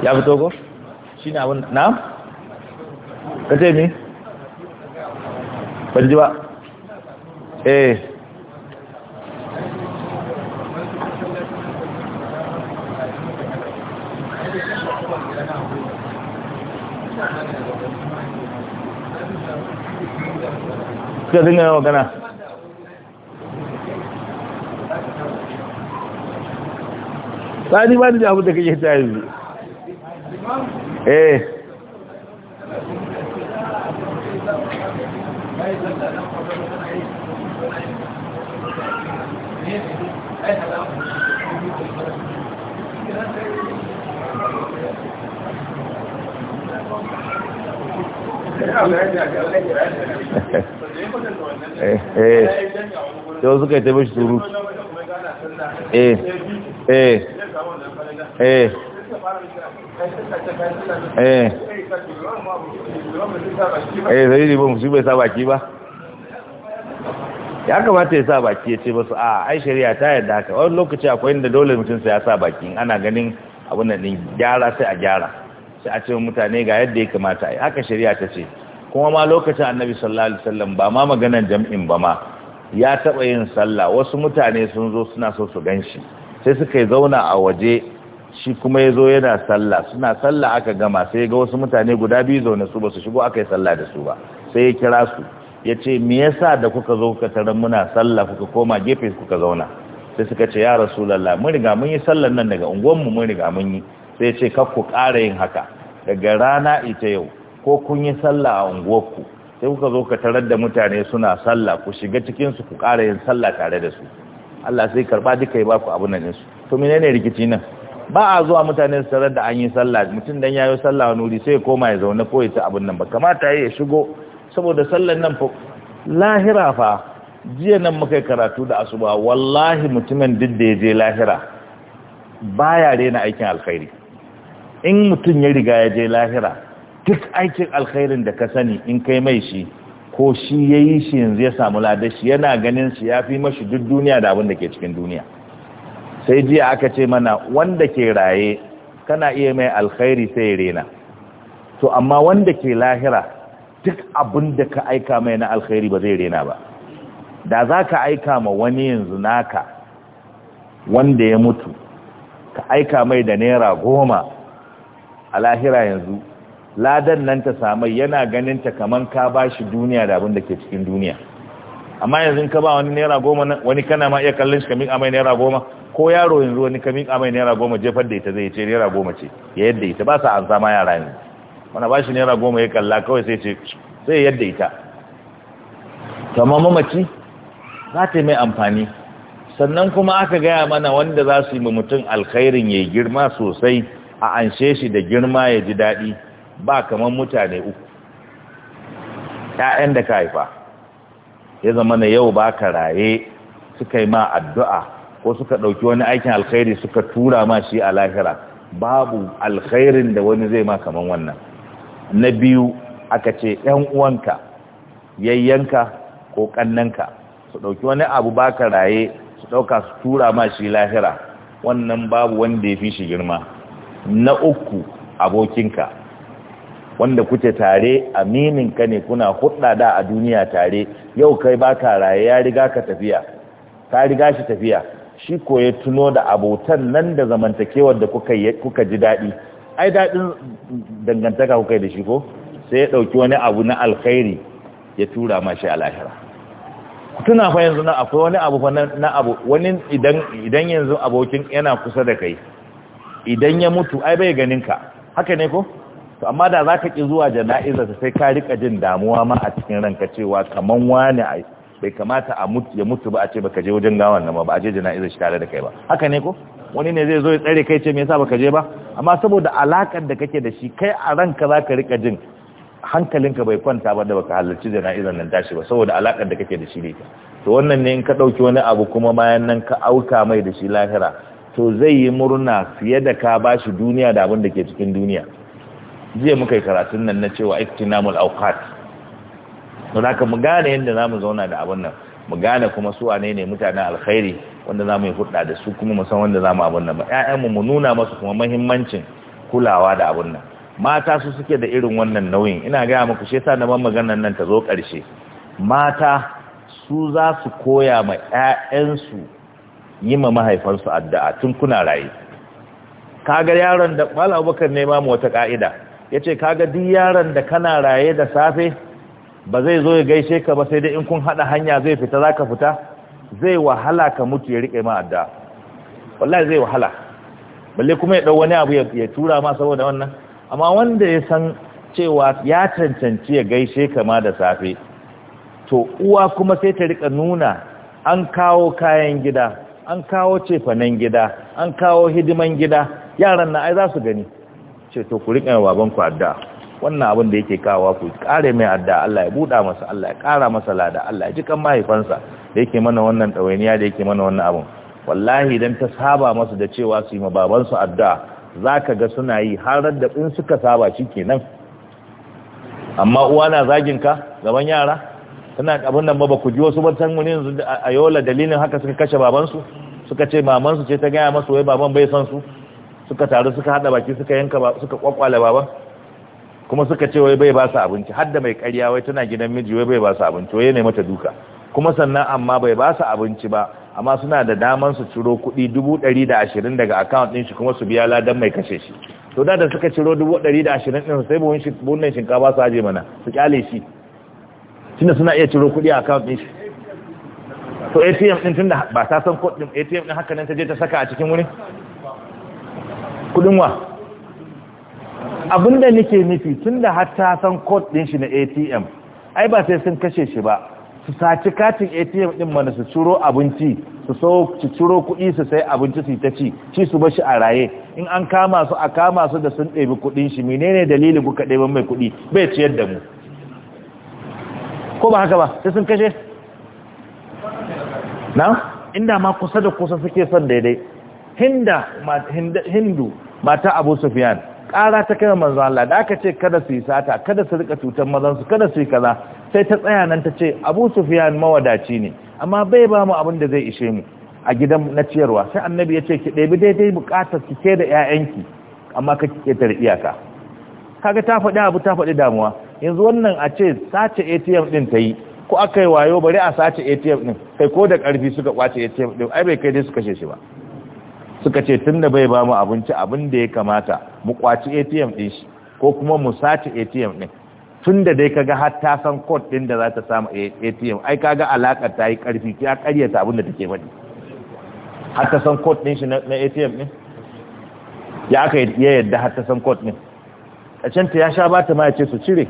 ya fito ko shi na abin na ka ce mi ban ji ba eh ka dinga yawa gana tsari ba da abin da kake ta yanzu eh É, é. yau suka yi ta mashi turu É, é, é, é. eh sai ne ba musu bai sa baki ba ya kamata ya sa baki ya ce basu a ah, ai shari'a ta yadda haka wani lokaci akwai inda dole mutum sai ya sa baki ana ganin abin da din gyara sai a gyara sai a ce mutane ga yadda ya kamata ai haka shari'a ta ce kuma ma lokacin annabi sallallahu alaihi wasallam ba ma maganan jam'in ba ma ya taba yin sallah wasu mutane sun zo suna so su ganshi sai suka yi zauna a waje shi kuma ya zo yana sallah suna sallah aka gama sai ga wasu mutane guda biyu zaune su ba su shigo aka yi sallah da su ba sai ya kira su ya ce me yasa da kuka zo kuka tarar muna sallah kuka koma gefe kuka zauna sai suka ce ya rasulallah mun riga mun yi sallan nan daga unguwanmu mun riga mun yi sai ya ce kar ku ƙara yin haka daga rana ita yau ko kun yi sallah a unguwarku sai kuka zo ka tarar da mutane suna sallah ku shiga cikin su ku ƙara yin sallah tare da su Allah sai karba duka ya baku abun nan su to menene rikici nan ba a zuwa mutane su tarar da an yi sallah mutum dan yi sallah wani wuri sai ya koma ya zaune ko ya ci abin nan ba kamata ya shigo saboda sallan nan fa lahira fa jiya nan muka karatu da asuba wallahi mutumin duk da ya je lahira baya rena aikin alkhairi in mutum ya riga ya je lahira duk aikin alkhairin da ka sani in kai mai shi ko shi ya yi shi yanzu ya samu ladashi shi yana ganin shi ya fi mashi duk duniya da abin da ke cikin duniya sai jiya aka ce mana wanda ke raye kana iya mai alkhairi sai rena to amma wanda ke lahira duk abin da ka aika mai na alkhairi ba zai rena ba da za ka aika ma wani yanzu naka wanda ya mutu ka aika mai da naira goma a lahira yanzu ladan nan ta samai yana ganin ta kaman ka ba shi duniya da abin da ke cikin duniya amma yanzu ka ba wani naira goma wani kana ma iya kallon shi mika mai naira goma ko yaro yanzu wani kami miƙa mai naira goma jefar da ita zai ce naira goma ce ya yadda ita ba sa an sama yara ne Wana ba shi naira goma ya kalla kawai sai ce sai yadda ita kamar mamaci za ta yi mai amfani sannan kuma aka gaya mana wanda za su yi mutum alkhairin ya girma sosai a anshe shi da girma ya ji daɗi ba kamar mutane uku ‘ya'yan da ka haifa ya zama na yau ba ka raye suka yi ma addu'a ko suka ɗauki wani aikin alkhairi suka tura ma shi a lahira babu alkhairin da wani zai ma kaman wannan na biyu aka ce ‘yan uwanka yayyanka ko ƙannanka su ɗauki wani abu baka raye su ɗauka su tura ma shi lahira wannan babu wanda ya fi shi girma na uku abokinka wanda kuke tare amininka ne kuna hudda da a duniya tare yau kai baka raye ya riga ka tafiya ka riga shi tafiya shi ko ya tuno da abotan nan da zamantakewar da kuka ji daɗi ai daɗin dangantaka kuka da shi ko sai ya ɗauki wani abu na alkhairi ya tura mashi alashara tuna fa yanzu na akwai wani abu na abu wani idan yanzu abokin yana kusa da kai idan ya mutu ai bai ganin ka haka ne ko to amma da za ka ƙi zuwa jana'izar sai ka riƙa jin damuwa ma a cikin ranka cewa kaman wani bai kamata a mutu ya mutu ba a ce baka je wajen gawan nan ba a je jana'izar shi tare da kai ba haka ne ko wani ne zai zo ya tsare kai ce me yasa baka je ba amma saboda alakar da kake da shi kai a ranka ka rika jin hankalinka bai kwanta ba da baka halarci jana'izar nan tashi ba saboda alakar da kake da shi ne to wannan ne in ka dauki wani abu kuma bayan nan ka auka mai da shi lahira to zai yi murna fiye da ka bashi duniya da abin da ke cikin duniya jiya muka yi karatun nan na cewa ikhtinamul awqat don haka mu gane yadda za mu zauna da abin nan mu gane kuma su wane ne mutanen alkhairi wanda za mu yi hudda da su kuma mu san wanda za mu abin nan ba 'ya'yanmu mu nuna masu kuma mahimmancin kulawa da abin nan mata su suke da irin wannan nauyin ina gaya muku shi yasa na ban maganar nan ta zo ƙarshe mata su za su koya ma ƴaƴansu yi ma mahaifansu addu'a tun kuna raye kaga yaron da malam abubakar ne ma mu wata ka'ida yace kaga duk yaron da kana raye da safe ba zai zo ya gaishe ka ba sai dai in kun hada hanya zai fita za ka fita zai wahala ka mutu ya rike ma adda wallahi zai wahala balle kuma ya ɗau wani abu ya tura ma saboda wannan amma wanda ya san cewa ya cancanci ya gaishe ka ma da safe to uwa kuma sai ta rika nuna an kawo kayan gida an kawo cefanen gida an kawo hidiman gida yaran na ai za su gani ce to ku rika baban ku addu'a wannan abin da yake kawo ku kare mai adda Allah ya buɗa masa Allah ya kara masa lada Allah ya kan mahaifansa da yake mana wannan ɗawainiya da yake mana wannan abin wallahi idan ta saba masu da cewa su yi ma babansu adda zaka ga suna yi har da in suka saba shi kenan amma uwa na zagin ka gaban yara tana abin nan ba ba ku ji wasu batan wani yanzu a yola dalilin haka suka kashe babansu suka ce mamansu ce ta gaya masu wai baban bai san su suka taru suka hada baki suka yanka suka kwakwale baban kuma suka ce wai bai ba su abinci hadda mai karya wai tana gidan miji wai bai ba su abinci wai ne mata duka kuma sannan amma bai ba su abinci ba amma suna da daman su ciro kuɗi dubu dari da ashirin daga account din shi kuma su biya ladan mai kashe shi to da da suka ciro dubu dari da ashirin ɗin sai buhunan shinkafa su aje mana su kyale shi tunda suna iya ciro kuɗi a account din shi to atm din tunda ba ta san kuɗin atm ɗin haka nan ta je ta saka a cikin wurin kuɗin wa abinda nake nufi tunda har ta san code din shi na ATM ai ba sai sun kashe shi ba su saci katin ATM din mana su ciro abinci su so su ciro kuɗi su sai abinci su ta ci ci su bashi a raye in an kama su a kama su da sun ɗebi kuɗin shi menene dalilin kuka ɗeban mai kuɗi bai ciyar da mu ko ba haka ba sai sun kashe na inda ma kusa da kusa suke son daidai hinda hindu mata abu Sufiyan. ƙara ta kai manzo Allah da aka ce kada su yi sata kada su rika cutar mazan su kada su yi kaza sai ta tsaya nan ta ce Abu Sufyan mawadaci ne amma bai ba mu abin da zai ishe mu a gidan na ciyarwa sai annabi ya ce ki ɗebi daidai buƙatar ki ke da ƴaƴanki amma ka ketar iyaka kaga ta faɗi abu ta faɗi damuwa yanzu wannan a ce sace ATM din ta yi ko aka yi wayo bari a sace ATM din kai ko da ƙarfi suka kwace ATM din ai bai kai dai su kashe shi ba suka ce tun da bai ba mu abinci abin da ya kamata mu kwaci ATM din shi ko kuma mu sace ATM din da dai kaga har ta san code din da za ta samu ATM ai kaga alaƙa ta yi karfi ta ƙaryata abin da take faɗi har ta san code din shi na ATM din ya aka ya yadda har ta san code din a can ta ya sha ba ta ma ce su cire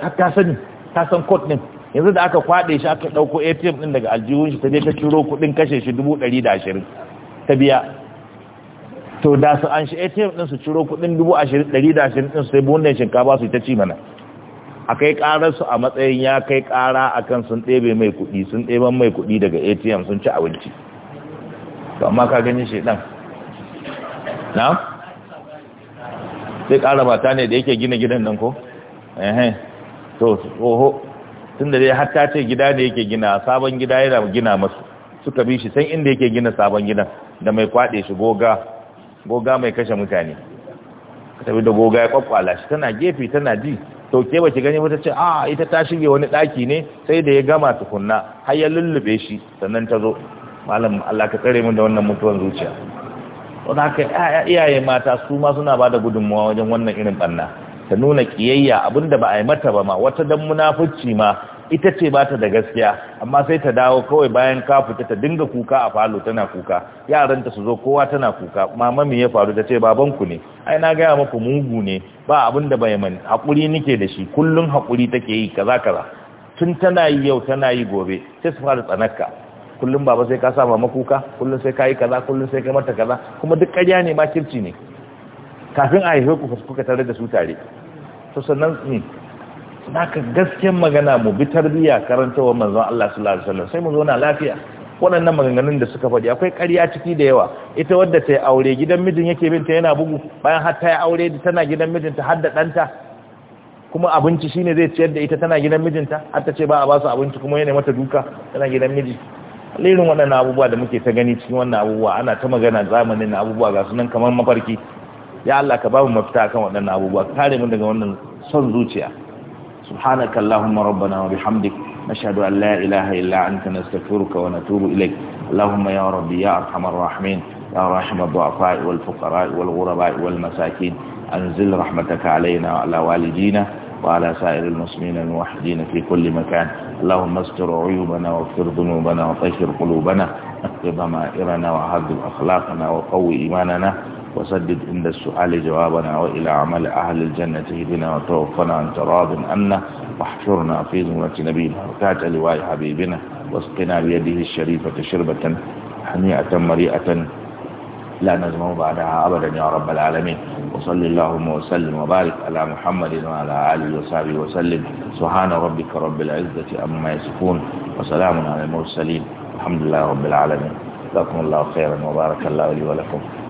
har ta sani ta san code din yanzu da aka kwaɗe shi aka ɗauko ATM din daga aljihun shi ta je ta ciro kuɗin kashe shi dubu ɗari da ashirin. ta biya to da su an shi atm din su ciro kudin 120,000 din sai buhunan shinkafa su ta ci mana a kai su a matsayin ya kai kara akan sun ɗebe mai kudi sun ɗeban mai kudi daga atm sun ci abinci to amma ka gani shi ɗan na? sai kara mata ne da yake gina gidan nan ko? ehe to oho tun da dai hatta ce gida da yake gina sabon gida yana gina masu suka bi shi san inda yake gina sabon gidan da mai kwaɗe shi goga goga mai kashe mutane da goga ya kwakwala shi tana gefe tana ji to ke ba ki gani ba ta ce a ah, ita ta shige wani ɗaki ne sai da ya gama tukunna har ya lullube shi sannan ta zo malam Allah ka tsare min da wannan mutuwar zuciya don haka iyaye mata su ma suna da gudunmawa wajen wannan irin ɓanna ta nuna kiyayya abinda ba a yi mata ba ma wata dan munafurci ma ita ce ba ta da gaskiya amma sai ta dawo kawai bayan ka fita ta dinga kuka a falo tana kuka yaranta su zo kowa tana kuka mama me ya faru ta ce baban ku ne ai na gaya muku mugu ne ba abin da bai mani hakuri nike da shi kullun hakuri take yi kaza kaza tun tana yi yau tana yi gobe sai su fara tsanarka kullun baba sai ka sa mama kuka kullun sai ka yi kaza kullun sai ka mata kaza kuma duk ƙarya ne ma kirci ne kafin a haife ku kuka tare da su tare to sannan hmm, naka gasken magana mu bi tarbiya karantawa manzon Allah sallallahu alaihi wasallam sai mu zauna lafiya waɗannan maganganun da suka faɗi akwai ƙarya ciki da yawa ita wadda ta yi aure gidan mijin yake ta yana bugu bayan har ta yi aure tana gidan ta har da ɗanta kuma abinci shine zai ciyar da ita tana gidan mijinta har ta ce ba a ba su abinci kuma yana mata duka tana gidan miji lirin waɗannan abubuwa da muke ta gani cikin wannan abubuwa ana ta magana zamanin na abubuwa ga sunan kamar mafarki ya Allah ka ba mu mafita akan waɗannan abubuwa kare mu daga wannan son zuciya سبحانك اللهم ربنا وبحمدك نشهد أن لا إله إلا أنت نستغفرك ونتوب إليك اللهم يا ربي يا أرحم الراحمين يا راحم الضعفاء والفقراء والغرباء والمساكين أنزل رحمتك علينا وعلى والدينا وعلى سائر المسلمين الموحدين في كل مكان اللهم استر عيوبنا واغفر ذنوبنا وطهر قلوبنا اقض ضمائرنا وعذب أخلاقنا وقوي إيماننا وسدد عند السؤال جوابنا وإلى عمل أهل الجنة هدنا وتوفنا عن تراض عنا واحشرنا في زمرة نبينا وكات لواء حبيبنا واسقنا بيده الشريفة شربة هنيئة مريئة لا نزمه بعدها أبدا يا رب العالمين وصل اللهم وسلم وبارك على محمد وعلى آله وصحبه وسلم سبحان ربك رب العزة أما يصفون وسلام على المرسلين الحمد لله رب العالمين جزاكم الله خيرا وبارك الله لي ولكم